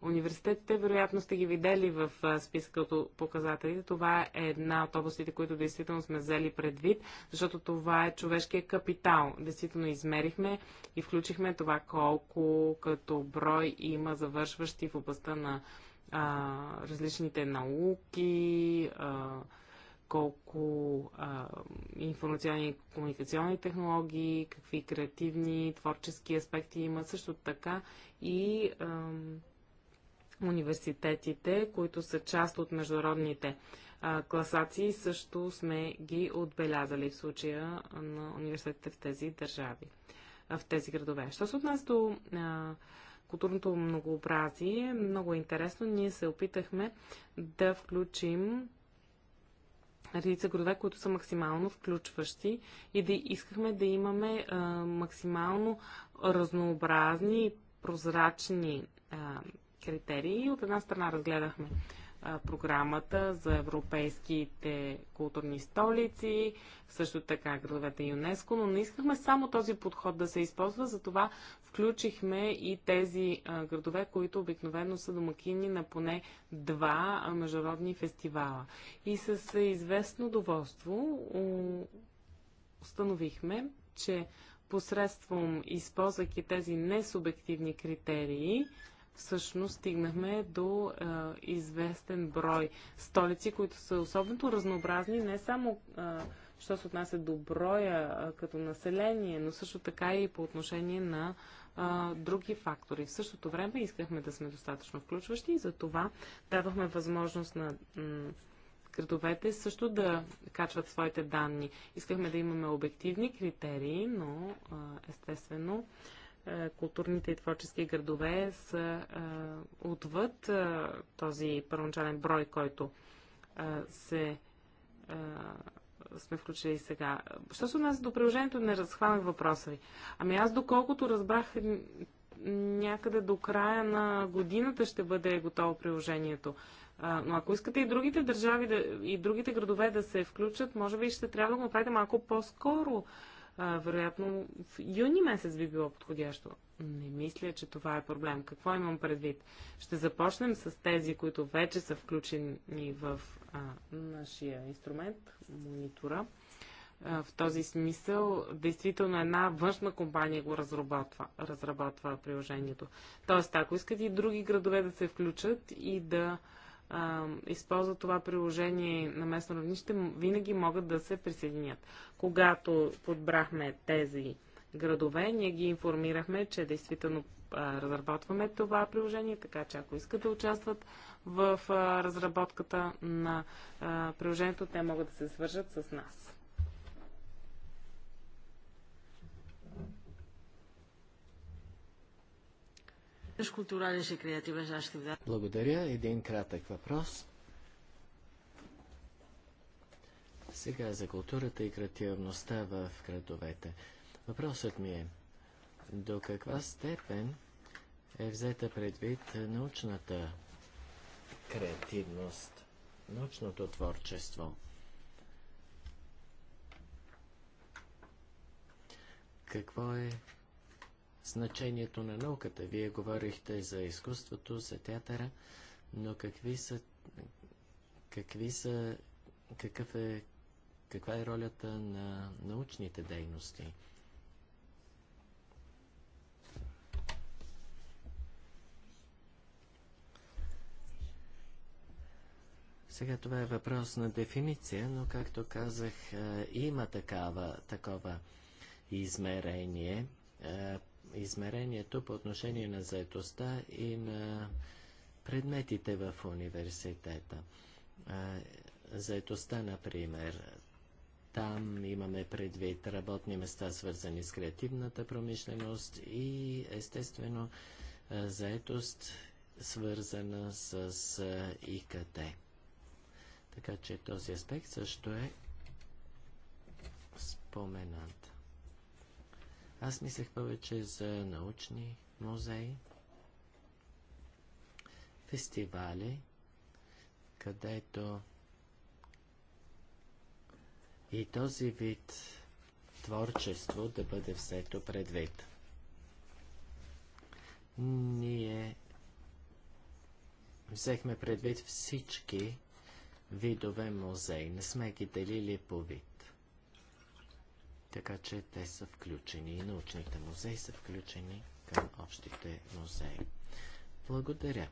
Университетите, вероятно сте ги видели в списъка от показателите. Това е една от областите, които действително сме взели предвид, защото това е човешкия капитал. Действително измерихме и включихме това колко като брой има завършващи в областта на а, различните науки, а, колко а, информационни и комуникационни технологии, какви креативни, творчески аспекти има. Също така и а, университетите, които са част от международните а, класации, също сме ги отбелязали в случая на университетите в тези държави, в тези градове. Що се отнася до а, културното многообразие, много интересно. Ние се опитахме да включим редица градове, които са максимално включващи и да искахме да имаме а, максимално разнообразни и прозрачни а, критерии. От една страна разгледахме програмата за европейските културни столици, също така градовете ЮНЕСКО, но не искахме само този подход да се използва, затова включихме и тези градове, които обикновено са домакини на поне два международни фестивала. И с известно удоволство установихме, че посредством използвайки тези несубективни критерии, всъщност стигнахме до а, е, известен брой столици, които са особено разнообразни, не само а, е, що се отнася до броя а, е, като население, но също така и по отношение на а, други фактори. В същото време искахме да сме достатъчно включващи и за това дадохме възможност на градовете също да качват своите данни. Искахме да имаме обективни критерии, но а, естествено е, културните и творчески градове са е, отвъд е, този първоначален брой, който се сме включили сега. Що се отнася до приложението, не разхванах въпроса ви. Ами аз доколкото разбрах, някъде до края на годината ще бъде готово приложението. но ако искате и другите държави и другите градове да се включат, може би ще трябва да го направите малко по-скоро а, вероятно в юни месец би било подходящо. Не мисля, че това е проблем. Какво имам предвид? Ще започнем с тези, които вече са включени в а, нашия инструмент, монитора. А, в този смисъл, действително една външна компания го разработва, разработва приложението. Тоест, ако искат и други градове да се включат и да а, а, използват това приложение на местно равнище, винаги могат да се присъединят. Когато подбрахме тези градове, ние ги информирахме, че действително а, разработваме това приложение, така че ако искат да участват в а, разработката на а, приложението, те могат да се свържат с нас. Благодаря. Един кратък въпрос. Сега за културата и креативността в градовете. Въпросът ми е, до каква степен е взета предвид научната креативност, научното творчество? Какво е значението на науката. Вие говорихте за изкуството, за театъра, но какви са, какви са, какъв е, каква е ролята на научните дейности? Сега това е въпрос на дефиниция, но както казах, е, има такава, такова измерение. Е, измерението по отношение на заетостта и на предметите в университета. Заетостта, например, там имаме предвид работни места, свързани с креативната промишленост и естествено заетост, свързана с ИКТ. Така че този аспект също е споменат. Аз мислех повече за научни музеи, фестивали, където и този вид творчество да бъде всето предвид. Ние взехме предвид всички видове музеи. Не сме ги делили по вид така че те са включени и научните музеи са включени към общите музеи. Благодаря.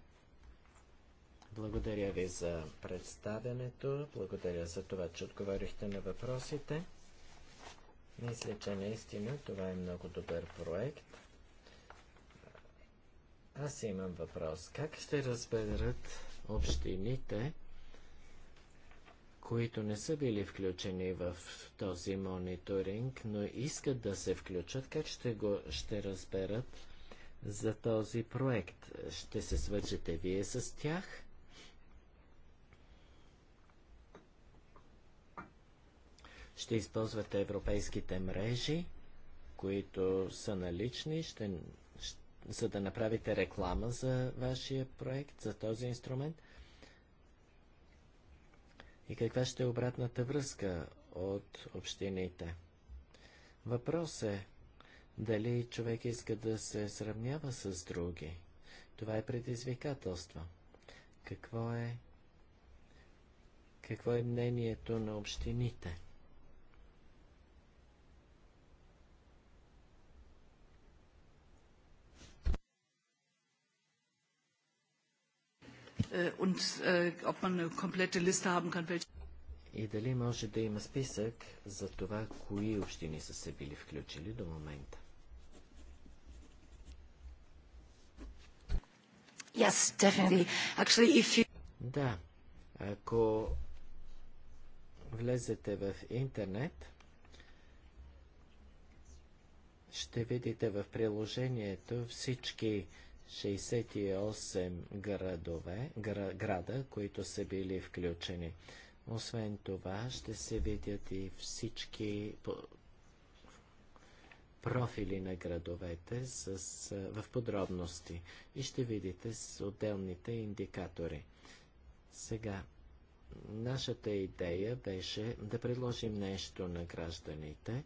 Благодаря ви за представянето, благодаря за това, че отговорихте на въпросите. Мисля, че наистина това е много добър проект. Аз имам въпрос. Как ще разберат общините които не са били включени в този мониторинг, но искат да се включат, как ще, го, ще разберат за този проект? Ще се свържете вие с тях? Ще използвате европейските мрежи, които са налични, ще, ще, за да направите реклама за вашия проект, за този инструмент? и каква ще е обратната връзка от общините. Въпрос е дали човек иска да се сравнява с други. Това е предизвикателство. Какво е, какво е мнението на общините? Äh, und äh, ob man eine komplette Liste haben kann, welche. И дали може да има списък за това, кои общини са се били включили до момента? Yes, definitely. Actually, if you... Да, ако влезете в интернет, ще видите в приложението всички 68 градове, гра, града, които са били включени. Освен това, ще се видят и всички профили на градовете с, в подробности и ще видите с отделните индикатори. Сега, нашата идея беше да предложим нещо на гражданите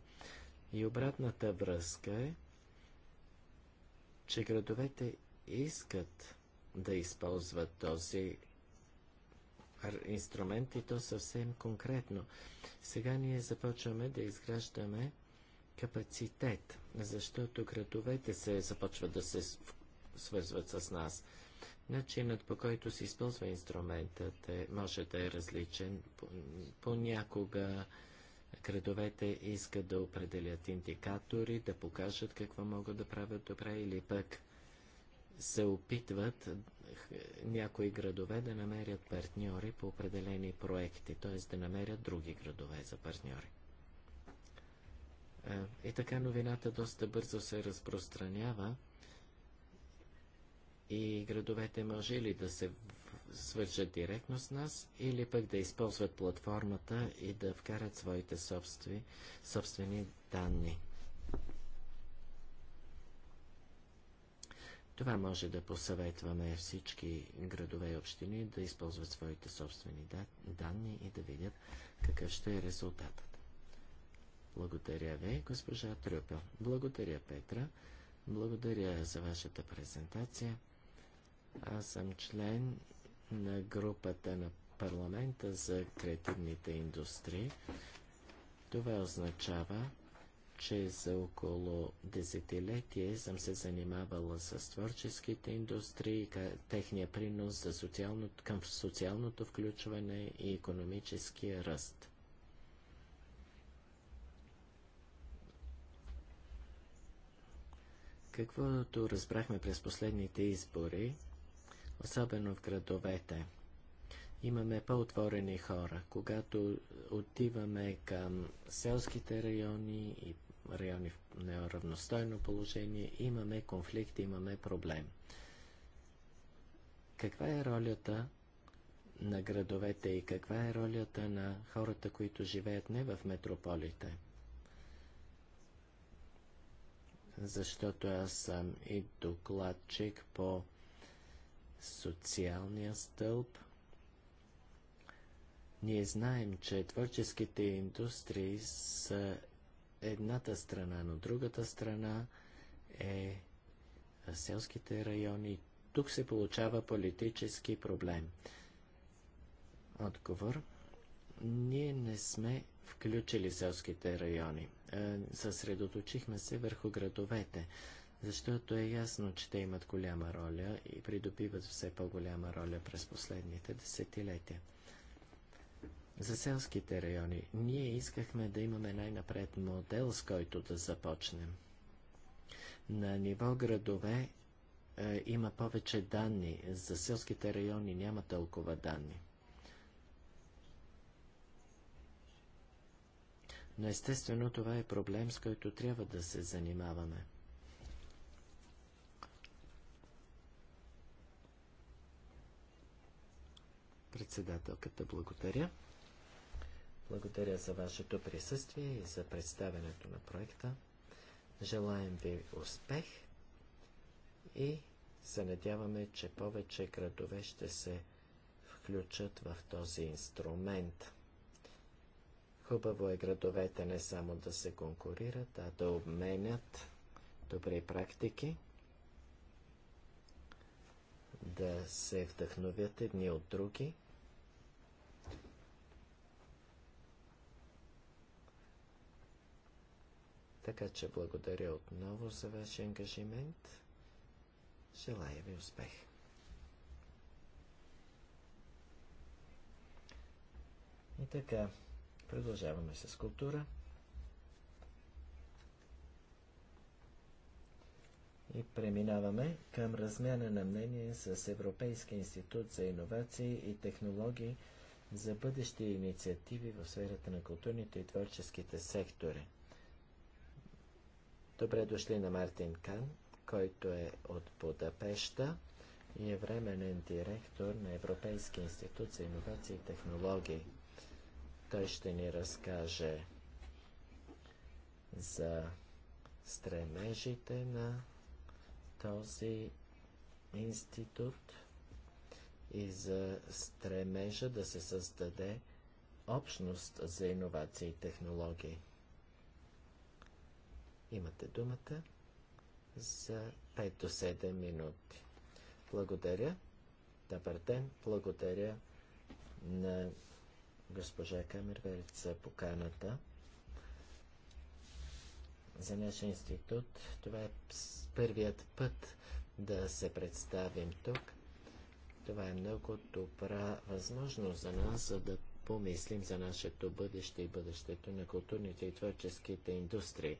и обратната връзка е, че градовете искат да използват този инструмент и то съвсем конкретно. Сега ние започваме да изграждаме капацитет, защото градовете се започват да се свързват с нас. Начинът по който се използва инструментът е, може да е различен. Понякога градовете искат да определят индикатори, да покажат какво могат да правят добре или пък се опитват е, някои градове да намерят партньори по определени проекти, т.е. да намерят други градове за партньори. Е, и така новината доста бързо се разпространява и градовете може ли да се свържат директно с нас или пък да използват платформата и да вкарат своите собствени, собствени данни. Това може да посъветваме всички градове и общини да използват своите собствени данни и да видят какъв ще е резултатът. Благодаря ви, госпожа Трюпел. Благодаря, Петра. Благодаря за вашата презентация. Аз съм член на групата на парламента за креативните индустрии. Това означава, че за около десетилетие съм се занимавала с творческите индустрии, техния принос за социално, към социалното включване и економическия ръст. Каквото разбрахме през последните избори, особено в градовете, имаме по-отворени хора. Когато отиваме към селските райони и райони в неравностойно положение, имаме конфликт, имаме проблем. Каква е ролята на градовете и каква е ролята на хората, които живеят не в метрополите? Защото аз съм и докладчик по социалния стълб – ние знаем, че творческите индустрии са едната страна, но другата страна е селските райони. Тук се получава политически проблем. Отговор. Ние не сме включили селските райони. Е, съсредоточихме се върху градовете, защото е ясно, че те имат голяма роля и придобиват все по-голяма роля през последните десетилетия за селските райони. Ние искахме да имаме най-напред модел, с който да започнем. На ниво градове е, има повече данни. За селските райони няма толкова данни. Но естествено това е проблем, с който трябва да се занимаваме. Председателката благодаря. Благодаря за вашето присъствие и за представянето на проекта. Желаем ви успех и се надяваме, че повече градове ще се включат в този инструмент. Хубаво е градовете не само да се конкурират, а да обменят добри практики, да се вдъхновят едни от други Така че благодаря отново за вашия ангажимент. Желая ви успех! И така, продължаваме с култура. И преминаваме към размяна на мнение с Европейския институт за иновации и технологии за бъдещи инициативи в сферата на културните и творческите сектори. Добре дошли на Мартин Кан, който е от Будапешта и е временен директор на Европейския институт за инновации и технологии. Той ще ни разкаже за стремежите на този институт и за стремежа да се създаде общност за иновации и технологии. Имате думата за 5 до 7 минути. Благодаря. Добър ден. Благодаря на госпожа Камерверт за поканата за нашия институт. Това е първият път да се представим тук. Това е много добра възможност за нас, за да помислим за нашето бъдеще и бъдещето на културните и творческите индустрии.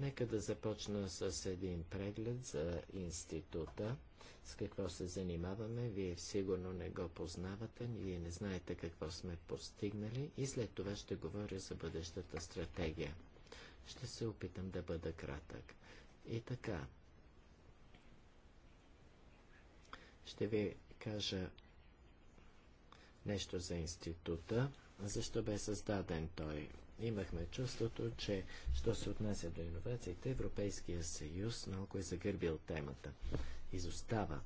Нека да започна с един преглед за института, с какво се занимаваме. Вие сигурно не го познавате, вие не знаете какво сме постигнали и след това ще говоря за бъдещата стратегия. Ще се опитам да бъда кратък. И така, ще ви кажа нещо за института, защо бе създаден той имахме чувството, че що се отнася до иновациите, Европейския съюз много е загърбил темата. Изостава.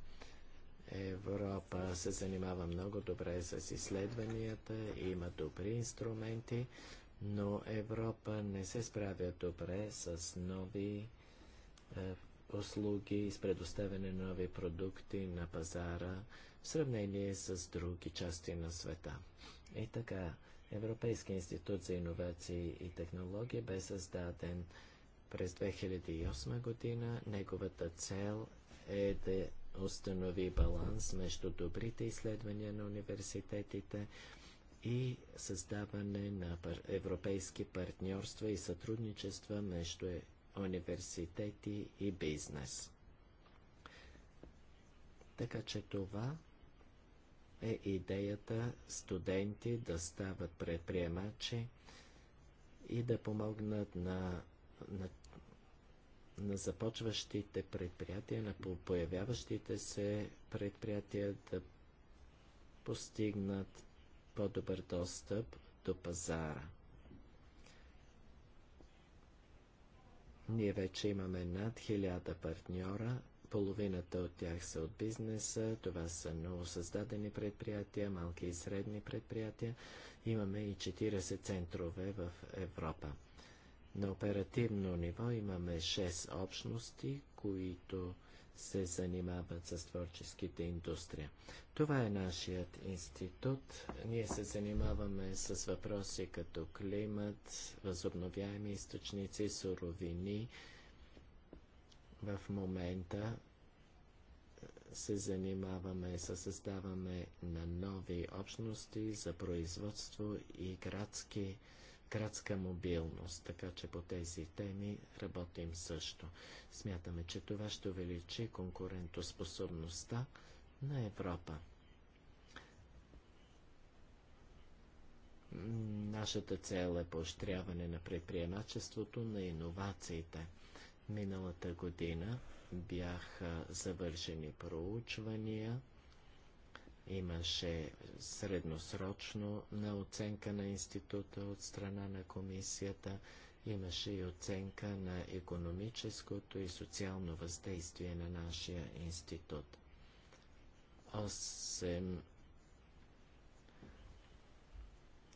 Европа се занимава много добре с изследванията, има добри инструменти, но Европа не се справя добре с нови е, услуги, с предоставяне на нови продукти на пазара в сравнение с други части на света. И така, Европейския институт за иновации и технологии бе създаден през 2008 година. Неговата цел е да установи баланс между добрите изследвания на университетите и създаване на европейски партньорства и сътрудничества между е, университети и бизнес. Така че това е идеята студенти да стават предприемачи и да помогнат на, на, на започващите предприятия, на появяващите се предприятия да постигнат по-добър достъп до пазара. Ние вече имаме над 1000 партньора Половината от тях са от бизнеса, това са новосъздадени предприятия, малки и средни предприятия. Имаме и 40 центрове в Европа. На оперативно ниво имаме 6 общности, които се занимават с творческите индустрия. Това е нашият институт. Ние се занимаваме с въпроси като климат, възобновяеми източници, суровини, в момента се занимаваме с създаване на нови общности за производство и градски, градска мобилност, така че по тези теми работим също. Смятаме, че това ще увеличи конкурентоспособността на Европа. Нашата цел е поощряване на предприемачеството, на иновациите – Миналата година бяха завършени проучвания, имаше средносрочно на оценка на института от страна на комисията, имаше и оценка на економическото и социално въздействие на нашия институт. 8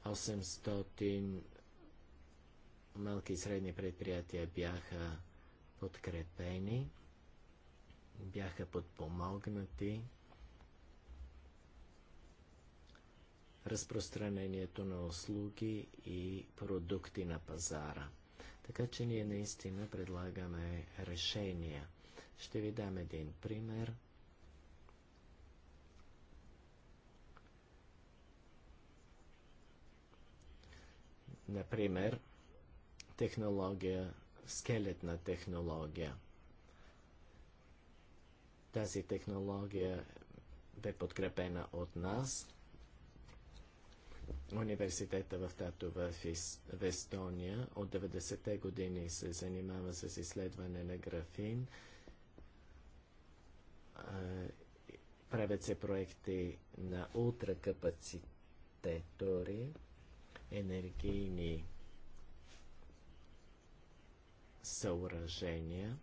800 малки и средни предприятия бяха подкрепени, бяха подпомогнати разпространението на услуги и продукти на пазара. Така че ние наистина предлагаме решения. Ще ви дам един пример. Например, технология скелетна технология. Тази технология бе подкрепена от нас. Университета в Татова в Естония от 90-те години се занимава с изследване на графин. Правят се проекти на ултракапацитетори, енергийни съоръжения.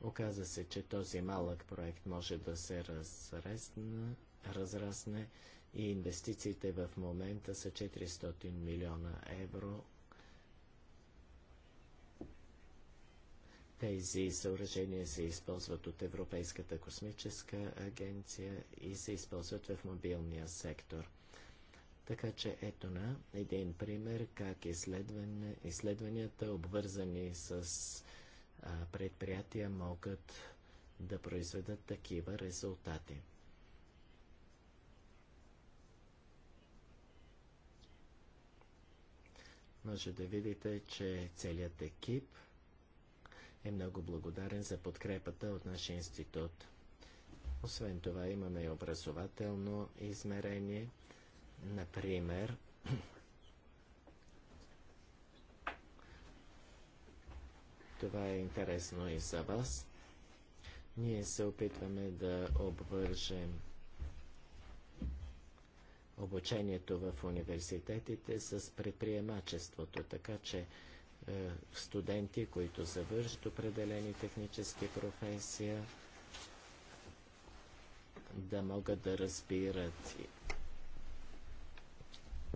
Оказа се, че този малък проект може да се разрезна, разрасне и инвестициите в момента са 400 милиона евро. Тези съоръжения се използват от Европейската космическа агенция и се използват в мобилния сектор. Така че ето на един пример как изследване, изследванията, обвързани с а, предприятия, могат да произведат такива резултати. Може да видите, че целият екип е много благодарен за подкрепата от нашия институт. Освен това имаме и образователно измерение – Например, това е интересно и за вас. Ние се опитваме да обвържем обучението в университетите с предприемачеството, така че е, студенти, които завършат определени технически професия, да могат да разбират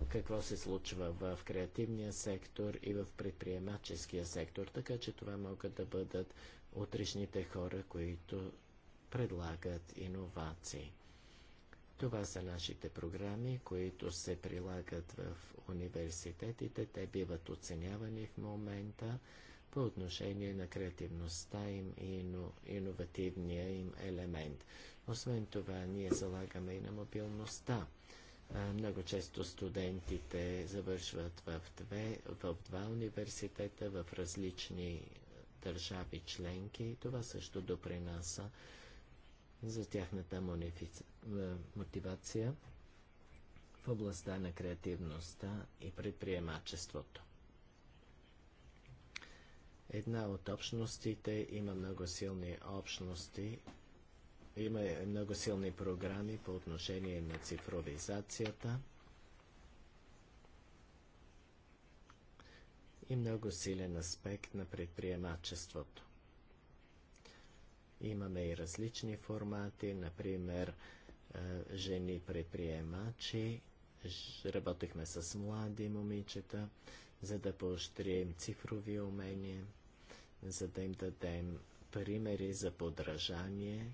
какво се случва в креативния сектор и в предприемаческия сектор, така че това могат да бъдат утрешните хора, които предлагат иновации. Това са нашите програми, които се прилагат в университетите. Те биват оценявани в момента по отношение на креативността им и иновативния им елемент. Освен това, ние залагаме и на мобилността. Много често студентите завършват в, две, в два университета, в различни държави членки и това също допринася за тяхната мотивация в областта на креативността и предприемачеството. Една от общностите има много силни общности има е много силни програми по отношение на цифровизацията. И много силен аспект на предприемачеството. Имаме и различни формати, например, жени предприемачи. работихме с млади момичета, за да поощрим цифрови умения, за да им дадем примери за подражание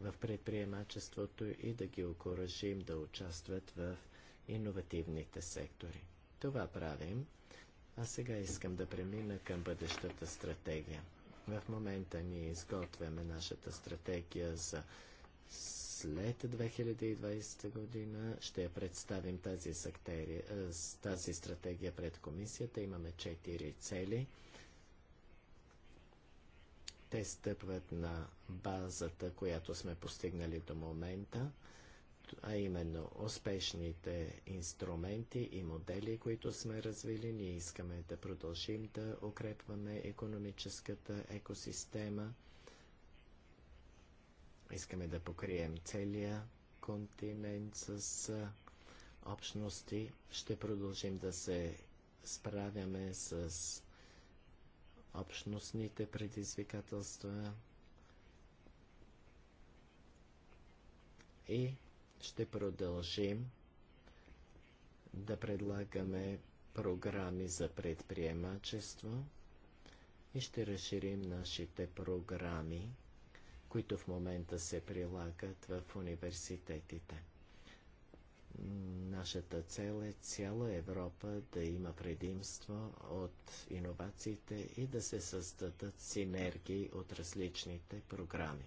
в предприемачеството и да ги окоръжим да участват в иновативните сектори. Това правим, а сега искам да премина към бъдещата стратегия. В момента ние изготвяме нашата стратегия за след 2020 година. Ще я представим тази, сактери, тази стратегия пред комисията. Имаме четири цели – те стъпват на базата, която сме постигнали до момента, а именно успешните инструменти и модели, които сме развили. Ние искаме да продължим да укрепваме економическата екосистема. Искаме да покрием целия континент с общности. Ще продължим да се справяме с общностните предизвикателства и ще продължим да предлагаме програми за предприемачество и ще разширим нашите програми, които в момента се прилагат в университетите. Нашата цел е цяла Европа да има предимство от иновациите и да се създадат синергии от различните програми.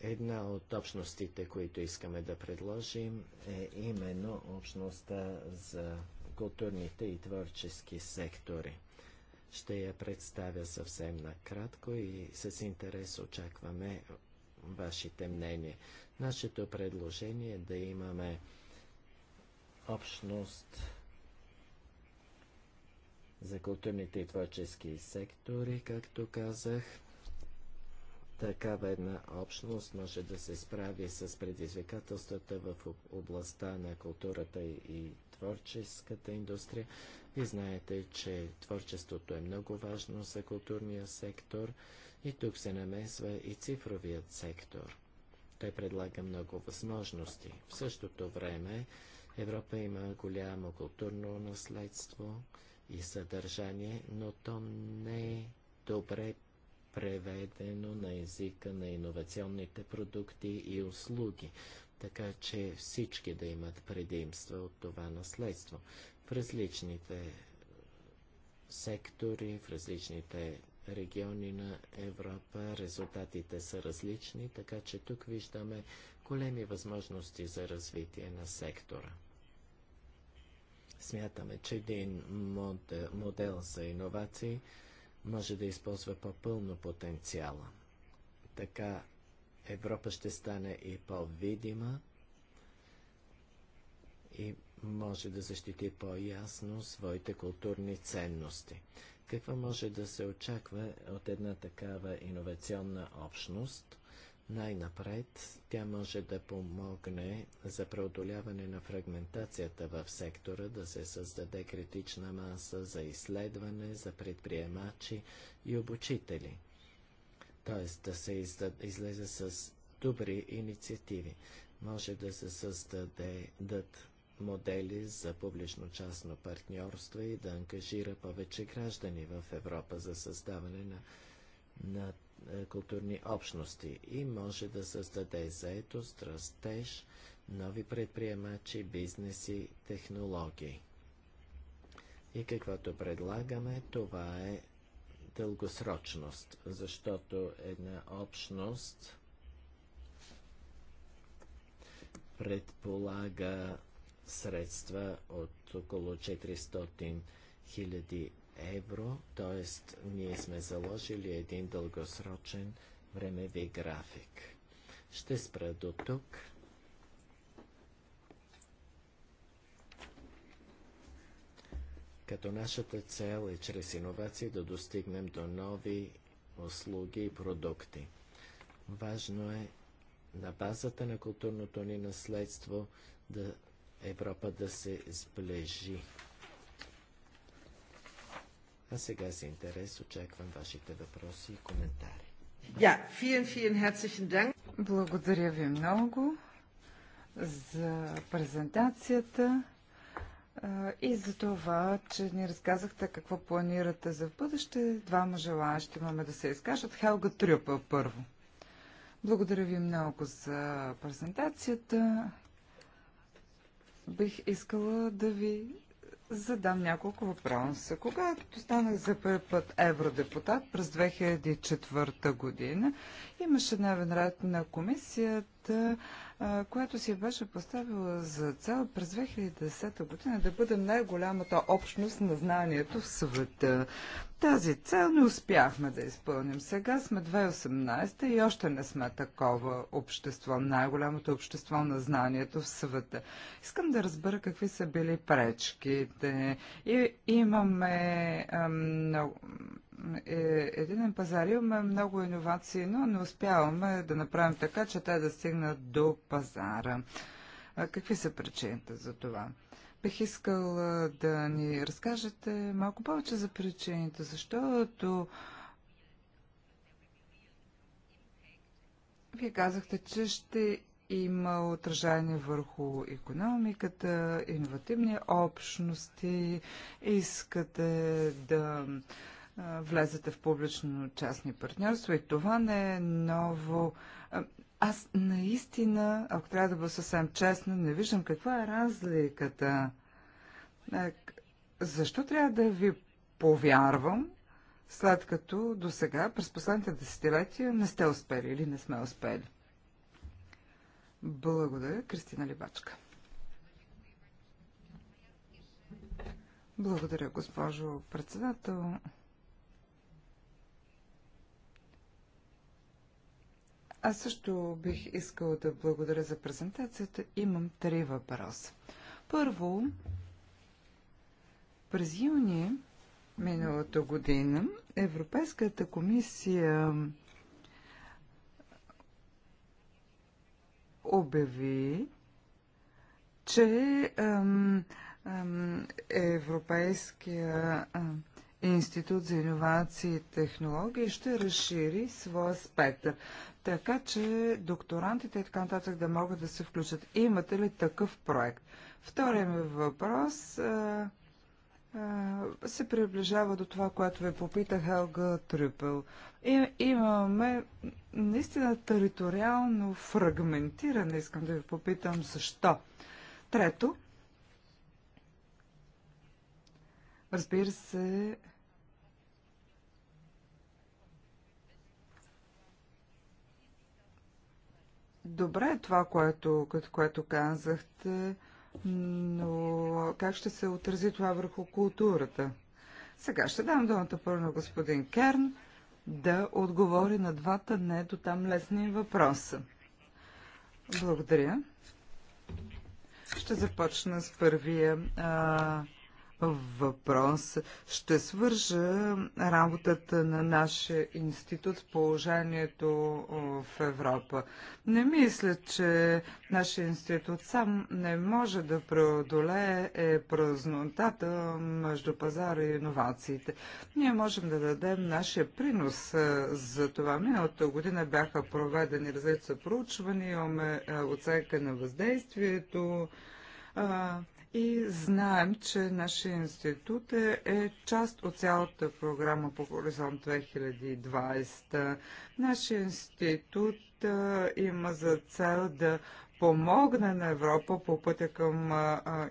Една от общностите, които искаме да предложим, е именно общността за културните и творчески сектори. Ще я представя съвсем накратко и с интерес очакваме вашите мнения. Нашето предложение е да имаме общност за културните и творчески сектори, както казах. Такава една общност може да се справи с предизвикателствата в областта на културата и творческата индустрия. Вие знаете, че творчеството е много важно за културния сектор. И тук се намесва и цифровият сектор. Той предлага много възможности. В същото време Европа има голямо културно наследство и съдържание, но то не е добре преведено на езика на иновационните продукти и услуги, така че всички да имат предимства от това наследство. В различните сектори, в различните региони на Европа резултатите са различни, така че тук виждаме големи възможности за развитие на сектора. Смятаме, че един модел, за иновации може да използва по-пълно потенциала. Така Европа ще стане и по-видима и може да защити по-ясно своите културни ценности. Какво може да се очаква от една такава иновационна общност? Най-напред тя може да помогне за преодоляване на фрагментацията в сектора, да се създаде критична маса за изследване, за предприемачи и обучители. Т.е. да се издад, излезе с добри инициативи. Може да се създаде дат модели за публично-частно партньорство и да ангажира повече граждани в Европа за създаване на, на е, културни общности и може да създаде заетост, растеж, нови предприемачи, бизнеси, технологии. И каквото предлагаме, това е дългосрочност, защото една общност предполага средства от около 400 000 евро, т.е. ние сме заложили един дългосрочен времеви график. Ще спра до тук. Като нашата цел е чрез иновации да достигнем до нови услуги и продукти. Важно е на базата на културното ни наследство да Европа да се сближи. А сега с интерес очаквам вашите въпроси и коментари. Ja, vielen, vielen herzlichen Dank. Благодаря ви много за презентацията и за това, че ни разказахте какво планирате за бъдеще. Двама желаящи имаме да се изкажат. Хелга Трюпа първо. Благодаря ви много за презентацията бих искала да ви задам няколко въпроса. Когато станах за първи път евродепутат през 2004 година, имаше дневен ред на комисията която си беше поставила за цел през 2010 година да бъде най-голямата общност на знанието в света. Тази цел не успяхме да изпълним. Сега сме 2018 и още не сме такова общество, най-голямото общество на знанието в света. Искам да разбера какви са били пречките. И имаме ам, е единен пазар имаме много иновации, но не успяваме да направим така, че те да стигнат до пазара. Какви са причините за това? Бих искал да ни разкажете малко повече за причините, защото Вие казахте, че ще има отражение върху економиката, иновативни общности, искате да влезете в публично-частни партньорства и това не е ново. Аз наистина, ако трябва да бъда съвсем честна, не виждам каква е разликата. Защо трябва да ви повярвам, след като до сега, през последните десетилетия, не сте успели или не сме успели? Благодаря, Кристина Либачка. Благодаря, госпожо председател. Аз също бих искал да благодаря за презентацията. Имам три въпроса. Първо, през юни миналата година Европейската комисия обяви, че ам, ам, Европейския Институт за иновации и технологии ще разшири своя спектър така че докторантите и така нататък да могат да се включат. Имате ли такъв проект? Втория ми въпрос а, а, се приближава до това, което ви попита Хелга Трюпел. И, имаме наистина териториално фрагментиране. Искам да ви попитам защо. Трето, разбира се, Добре е това, което, което казахте, но как ще се отрази това върху културата? Сега ще дам думата първо на господин Керн да отговори на двата не до там лесни въпроса. Благодаря. Ще започна с първия. А, въпрос. Ще свържа работата на нашия институт с положението в Европа. Не мисля, че нашия институт сам не може да преодолее е празнотата между пазара и иновациите. Ние можем да дадем нашия принос за това. Миналата година бяха проведени различни проучвания, имаме оценка на въздействието и знаем, че нашия институт е, е част от цялата програма по Хоризонт 2020. Нашия институт е, има за цел да помогне на Европа по пътя към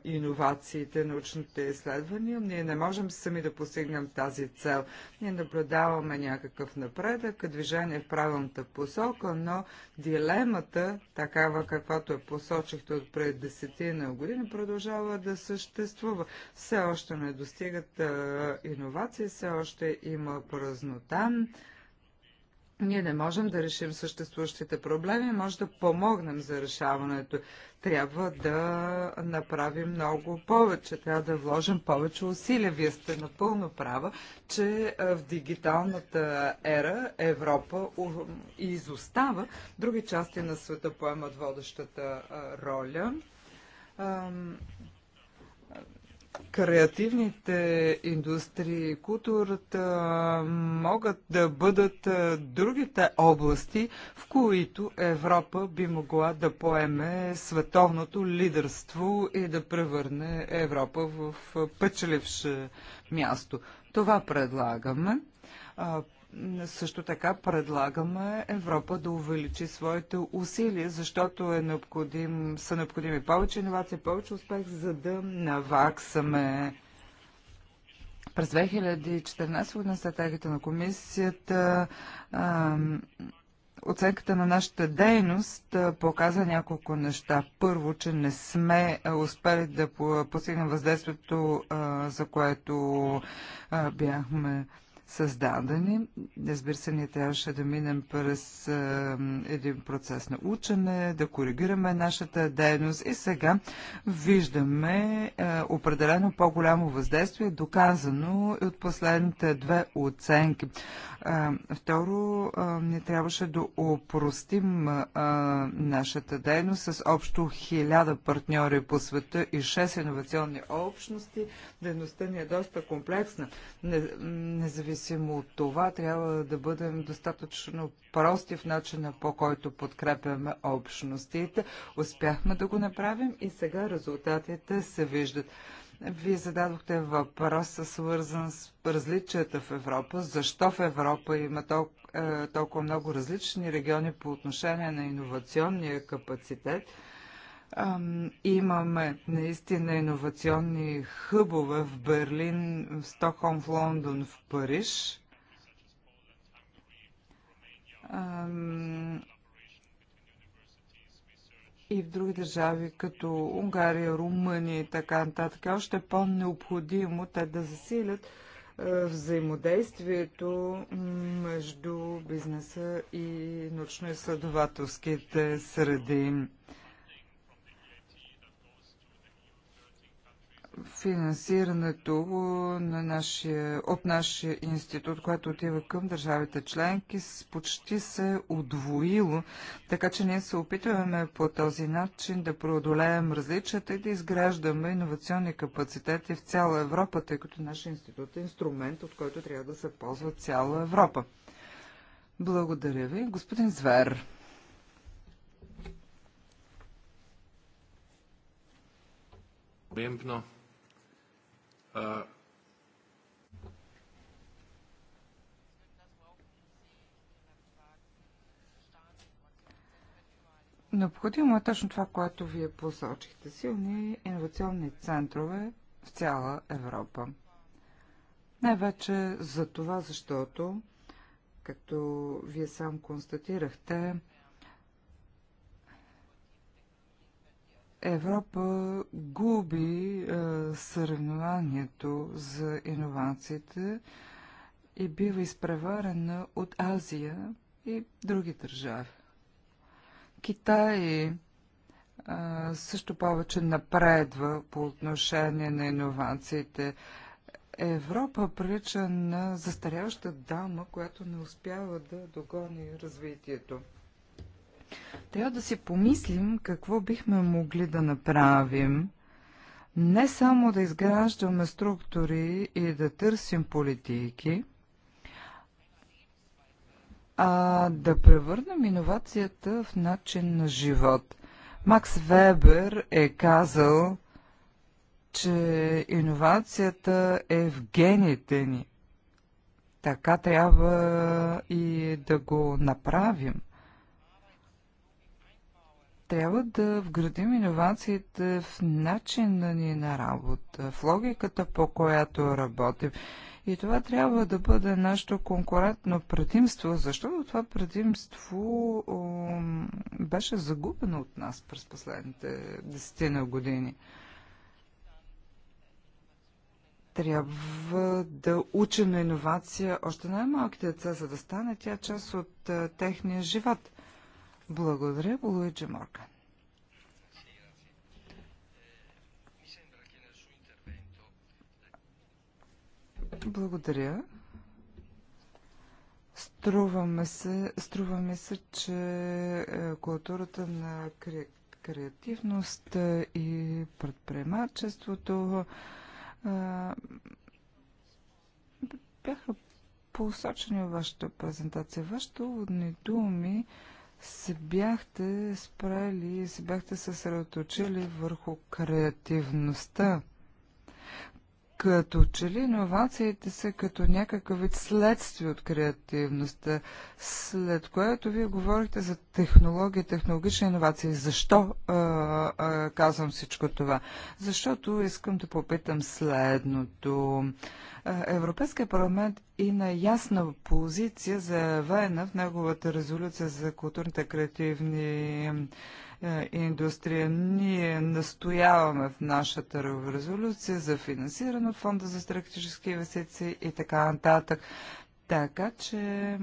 иновациите, научните изследвания. Ние не можем сами да постигнем тази цел. Ние наблюдаваме някакъв напредък, движение в правилната посока, но дилемата, такава каквато е посочихте от пред десетина години, продължава да съществува. Все още не достигат иновации, все още има празнота. Ние не можем да решим съществуващите проблеми, може да помогнем за решаването. Трябва да направим много повече, трябва да вложим повече усилия. Вие сте напълно права, че в дигиталната ера Европа изостава. Други части на света поемат водещата роля креативните индустрии, и културата могат да бъдат другите области, в които Европа би могла да поеме световното лидерство и да превърне Европа в печеливше място. Това предлагаме. Също така предлагаме Европа да увеличи своите усилия, защото е необходим, са необходими повече иновации, повече успех, за да наваксаме. През 2014 година стратегията на комисията а, оценката на нашата дейност показа няколко неща. Първо, че не сме успели да постигнем въздействието, за което бяхме създадени. Разбира се, ние трябваше да минем през а, един процес на учене, да коригираме нашата дейност и сега виждаме а, определено по-голямо въздействие, доказано и от последните две оценки. А, второ, а, ние трябваше да опростим а, нашата дейност с общо хиляда партньори по света и 6 иновационни общности. Дейността ни е доста комплексна. Не, независимо независимо от това, трябва да бъдем достатъчно прости в начина по който подкрепяме общностите. Успяхме да го направим и сега резултатите се виждат. Вие зададохте въпроса, свързан с различията в Европа. Защо в Европа има толкова, е, толкова много различни региони по отношение на иновационния капацитет? Имаме наистина иновационни хъбове в Берлин, в Стокхолм, в Лондон, в Париж. И в други държави, като Унгария, Румъния и така нататък, още е по-необходимо те да засилят взаимодействието между бизнеса и научно-изследователските среди. финансирането на нашия, от нашия институт, което отива към държавите членки, почти се е удвоило, така че ние се опитваме по този начин да преодолеем различията и да изграждаме иновационни капацитети в цяла Европа, тъй като нашия институт е инструмент, от който трябва да се ползва цяла Европа. Благодаря ви. Господин Звер. Pomembno Необходимо е точно това, което вие посочихте. Силни инновационни центрове в цяла Европа. Най-вече за това, защото, както вие сам констатирахте, Европа губи е, съревнованието за иновациите и бива изпреварена от Азия и други държави. Китай а, е, също повече напредва по отношение на иновациите. Европа прилича на застаряваща дама, която не успява да догони развитието. Трябва да си помислим какво бихме могли да направим, не само да изграждаме структури и да търсим политики, а да превърнем иновацията в начин на живот. Макс Вебер е казал, че иновацията е в гените ни. Така трябва и да го направим трябва да вградим иновациите в начина ни на работа, в логиката по която работим. И това трябва да бъде нашето конкурентно предимство, защото това предимство беше загубено от нас през последните десетина години. Трябва да учим на иновация още най-малките деца, за да стане тя част от а, техния живот. Благодаря, Луиджи Морган. Благодаря. Струваме се, струва ми се, че е, културата на кре, креативност е, и предприемачеството е, бяха посочени във вашата презентация. Вашите уводни думи а, се бяхте справили, се бяхте съсредоточили върху креативността. Като че ли иновациите са като някакъв вид следствие от креативността, след което вие говорите за технологии, технологични иновации. Защо а, а, казвам всичко това? Защото искам да попитам следното. Европейския парламент има ясна позиция заявена в неговата резолюция за културните креативни е, индустрия. Ние настояваме в нашата резолюция за финансиране от Фонда за стратегически инвестиции и така нататък. Така че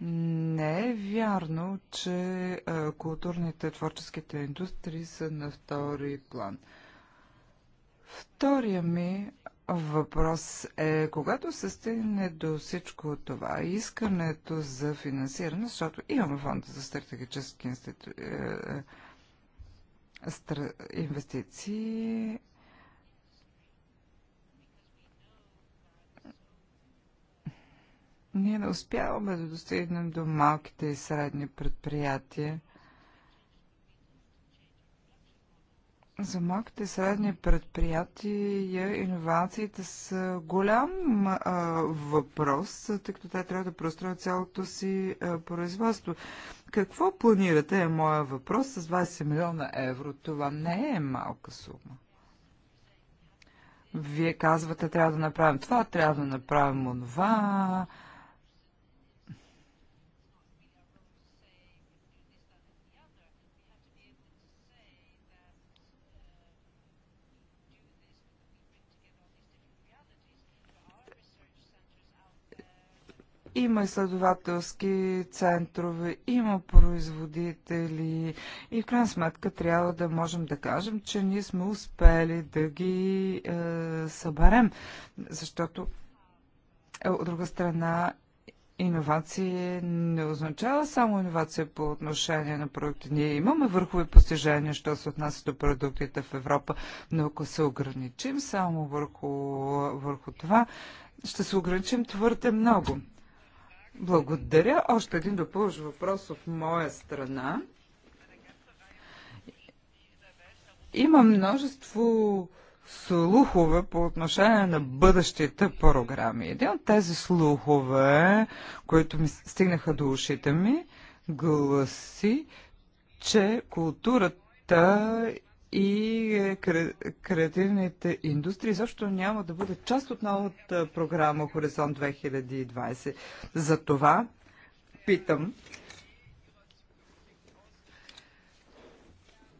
не е вярно, че е, културните творческите индустрии са на втори план. Втория ми въпрос е, когато се стигне до всичко това, искането за финансиране, защото имаме фонда за стратегически институ... Е, стра... инвестиции, ние не успяваме да достигнем до малките и средни предприятия. за малките и средни предприятия иновациите са голям а, въпрос, тъй като те трябва да простроят цялото си а, производство. Какво планирате е моя въпрос с 20 милиона евро? Това не е малка сума. Вие казвате, трябва да направим това, трябва да направим онова. А, Има изследователски центрове, има производители и в крайна сметка трябва да можем да кажем, че ние сме успели да ги е, съберем, защото е, от друга страна Иновации не означава само иновация по отношение на продукти. Ние имаме върхови постижения, що се отнася до продуктите в Европа, но ако се ограничим само върху, върху това, ще се ограничим твърде много. Благодаря. Още един допълж въпрос от моя страна. Има множество слухове по отношение на бъдещите програми. Един от тези слухове, които ми стигнаха до ушите ми, гласи, че културата и е, креативните индустрии също няма да бъдат част от новата програма Хоризонт 2020. За това питам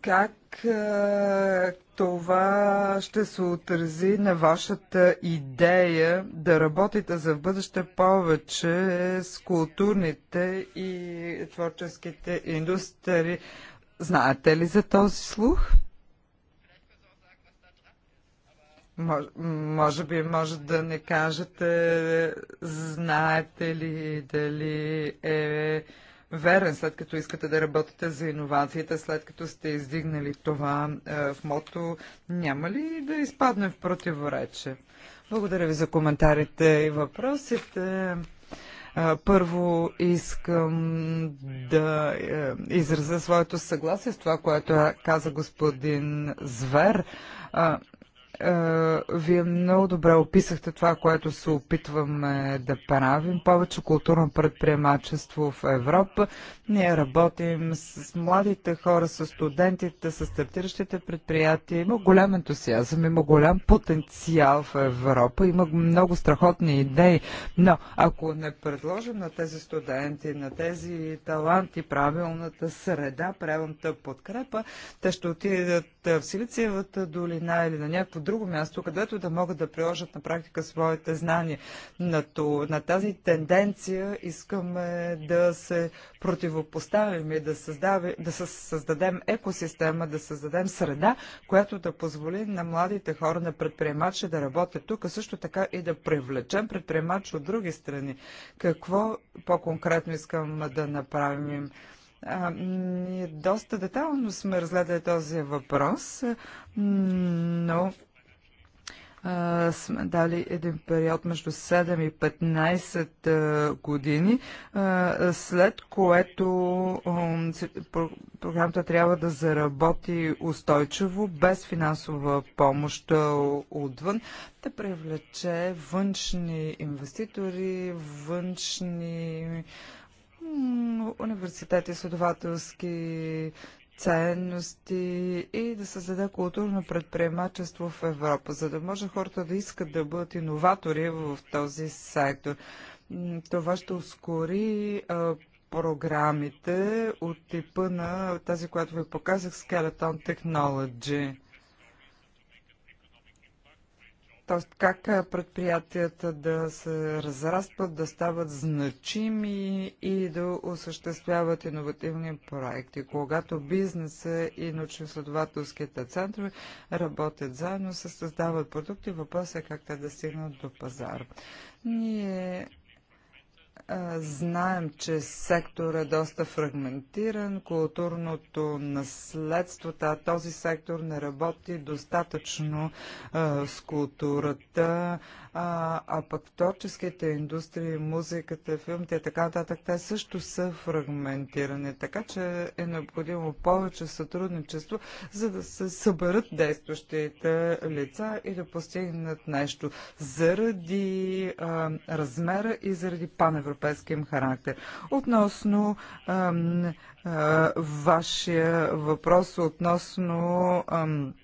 как е, това ще се отрази на вашата идея да работите за в бъдеще повече с културните и творческите индустрии. Знаете ли за този слух? Може, може би може да не кажете, знаете ли дали е верен, след като искате да работите за иновациите, след като сте издигнали това е, в мото, няма ли да изпадне в противоречие? Благодаря ви за коментарите и въпросите. Е, първо искам да е, изразя своето съгласие с това, което е, каза господин Звер. Е, вие много добре описахте това, което се опитваме да правим. Повече културно предприемачество в Европа. Ние работим с младите хора, с студентите, с стартиращите предприятия. Има голям ентусиазъм, има голям потенциал в Европа. Има много страхотни идеи. Но ако не предложим на тези студенти, на тези таланти правилната среда, правилната подкрепа, те ще отидат в Силициевата долина или на някакво друго място, където да могат да приложат на практика своите знания. На, то, на тази тенденция искаме да се противопоставим и да, създаве, да създадем екосистема, да създадем среда, която да позволи на младите хора, на предприемачи да работят тук, а също така и да привлечем предприемачи от други страни. Какво по-конкретно искам да направим? А, ние доста детално сме разгледали този въпрос, но а, сме дали един период между 7 и 15 а, години, а, след което програмата трябва да заработи устойчиво, без финансова помощ отвън, да привлече външни инвеститори, външни университет изследователски ценности и да създаде културно предприемачество в Европа, за да може хората да искат да бъдат иноватори в този сектор. Това ще ускори програмите от типа на тази, която ви показах, Skeleton Technology. Тоест, как предприятията да се разрастват, да стават значими и да осъществяват иновативни проекти. Когато бизнеса и научно-следователските центрове работят заедно, се създават продукти, въпросът е как те да стигнат до пазар. Ние Знаем, че сектор е доста фрагментиран, културното наследство, а този сектор не работи достатъчно с културата, а, пък творческите индустрии, музиката, филмите и така нататък, те също са фрагментирани, така че е необходимо повече сътрудничество, за да се съберат действащите лица и да постигнат нещо заради размера и заради паневропейските европейския им характер. Относно ам, а, вашия въпрос, относно ам,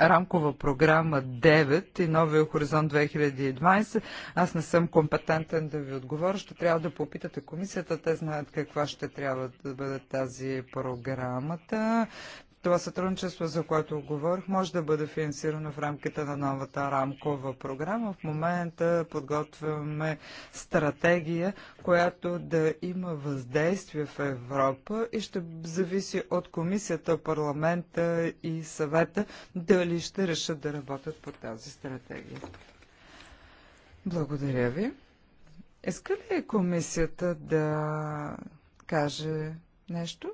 рамкова програма 9 и новия хоризонт 2020. Аз не съм компетентен да ви отговоря. Ще трябва да попитате комисията. Те знаят каква ще трябва да бъде тази програмата. Това сътрудничество, за което говорих, може да бъде финансирано в рамките на новата рамкова програма. В момента подготвяме стратегия, която да има въздействие в Европа и ще зависи от комисията, парламента и съвета дали ще решат да работят по тази стратегия. Благодаря ви. Иска ли комисията да каже нещо?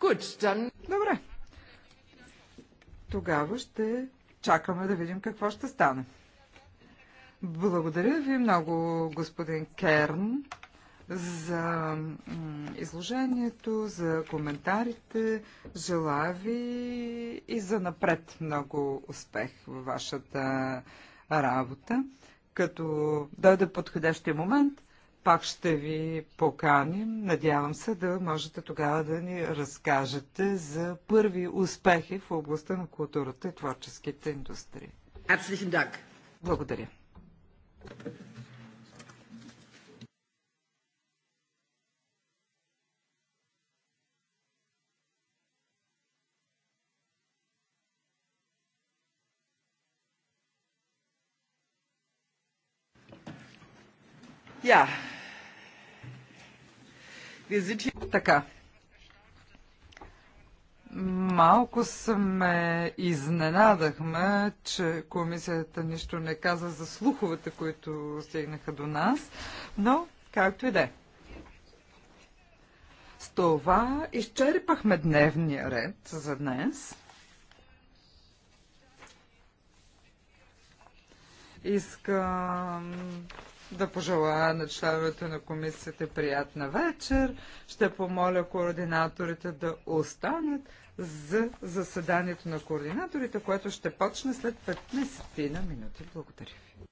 Good, then... Добре. Тогава ще чакаме да видим какво ще стане. Благодаря ви много, господин Керн, за изложението, за коментарите. Желая ви и за напред много успех във вашата работа. Като дойде подходящия момент, пак ще ви поканим. Надявам се да можете тогава да ни разкажете за първи успехи в областта на културата и творческите индустрии. Благодаря. Yeah. Така. Малко сме изненадахме, че комисията нищо не каза за слуховете, които стигнаха до нас, но както и да е. С това изчерпахме дневния ред за днес. Искам да пожелая на членовете на комисията приятна вечер. Ще помоля координаторите да останат за заседанието на координаторите, което ще почне след 15 на минути. Благодаря ви.